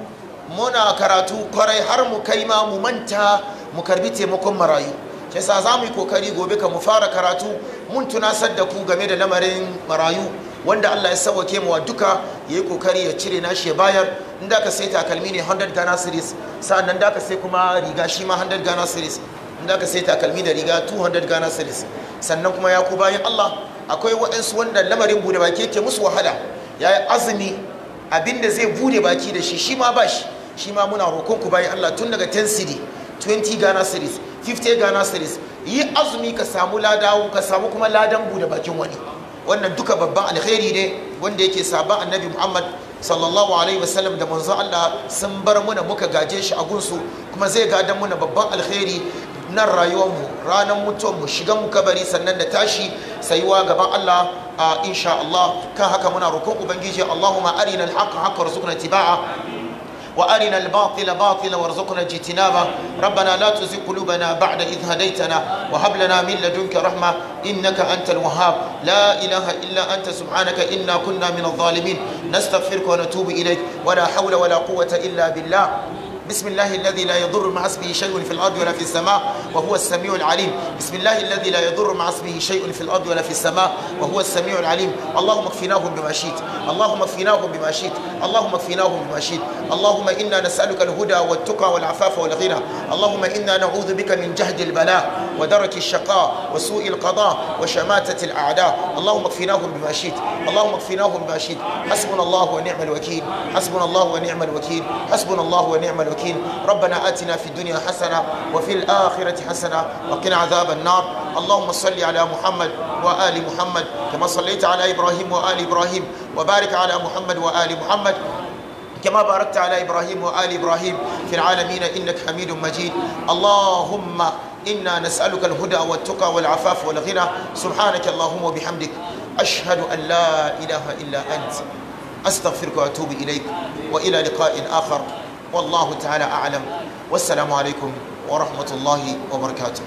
muna karatu kwarai har mu kai ma mu manta mu karbi taimakon marayu ke sa za mu yi kokari gobe ka mu fara karatu mun tunasar da ku game da lamarin marayu wanda Allah ya sauke mu duka ya yi kokari ya cire nashi ya bayar in da ka sai takalmi ne 100 Ghana series sa'annan da ka sai kuma riga shi ma 100 Ghana series in da ka sai takalmi da riga 200 Ghana series sannan kuma ya ku bayan Allah akwai waɗansu wanda lamarin bude baki yake musu wahala ya yi azumi abinda zai bude baki da shi shi ma ba shi shi ma muna roƙon ku bayan Allah tun daga 10 cedi 20 Ghana series 50 Ghana series yi azumi ka samu ladawu ka samu kuma ladan bude bakin wani wannan duka babban alheri ne wanda yake saban annabi Muhammad sallallahu alaihi wasallam da manzon Allah sun bar muna muka gaje shi a gunsu kuma zai gadan muna babban alheri nan rayuwarmu ranar mu shigan mu kabari sannan da tashi sayuwa gaban Allah a insha Allah kan haka muna roƙon ubangiji Allahumma arina alhaqa haqqa haqqa tibaa وارنا الباطل باطلا وارزقنا اجتنابه ربنا لا تزغ قلوبنا بعد اذ هديتنا وهب لنا من لدنك رحمه انك انت الوهاب لا اله الا انت سبحانك انا كنا من الظالمين نستغفرك ونتوب اليك ولا حول ولا قوه الا بالله بسم الله الذي لا يضر مع اسمه شيء في الأرض ولا في السماء وهو السميع العليم بسم الله الذي لا يضر مع اسمه شيء في الأرض ولا في السماء وهو السميع العليم اللهم اكفناهم بما شئت اللهم اكفناهم بما شئت اللهم اكفناهم بما شئت اللهم إنا نسألك الهدى والتقى والعفاف والغنى اللهم إنا نعوذ بك من جهد البلاء ودرك الشقاء وسوء القضاء وشماتة الأعداء اللهم اكفناهم بما شئت اللهم اكفناهم بما شئت حسبنا الله ونعم الوكيل حسبنا الله ونعم الوكيل حسبنا الله ونعم الوكيل وكيل ربنا آتنا في الدنيا حسنة وفي الآخرة حسنة وقنا عذاب النار اللهم صل على محمد وآل محمد كما صليت على إبراهيم وآل إبراهيم وبارك على محمد وآل محمد كما باركت على إبراهيم وآل إبراهيم في العالمين إنك حميد مجيد اللهم إنا نسألك الهدى والتقى والعفاف والغنى سبحانك اللهم وبحمدك أشهد أن لا إله إلا أنت أستغفرك وأتوب إليك وإلى لقاء آخر والله تعالى أعلم والسلام عليكم ورحمة الله وبركاته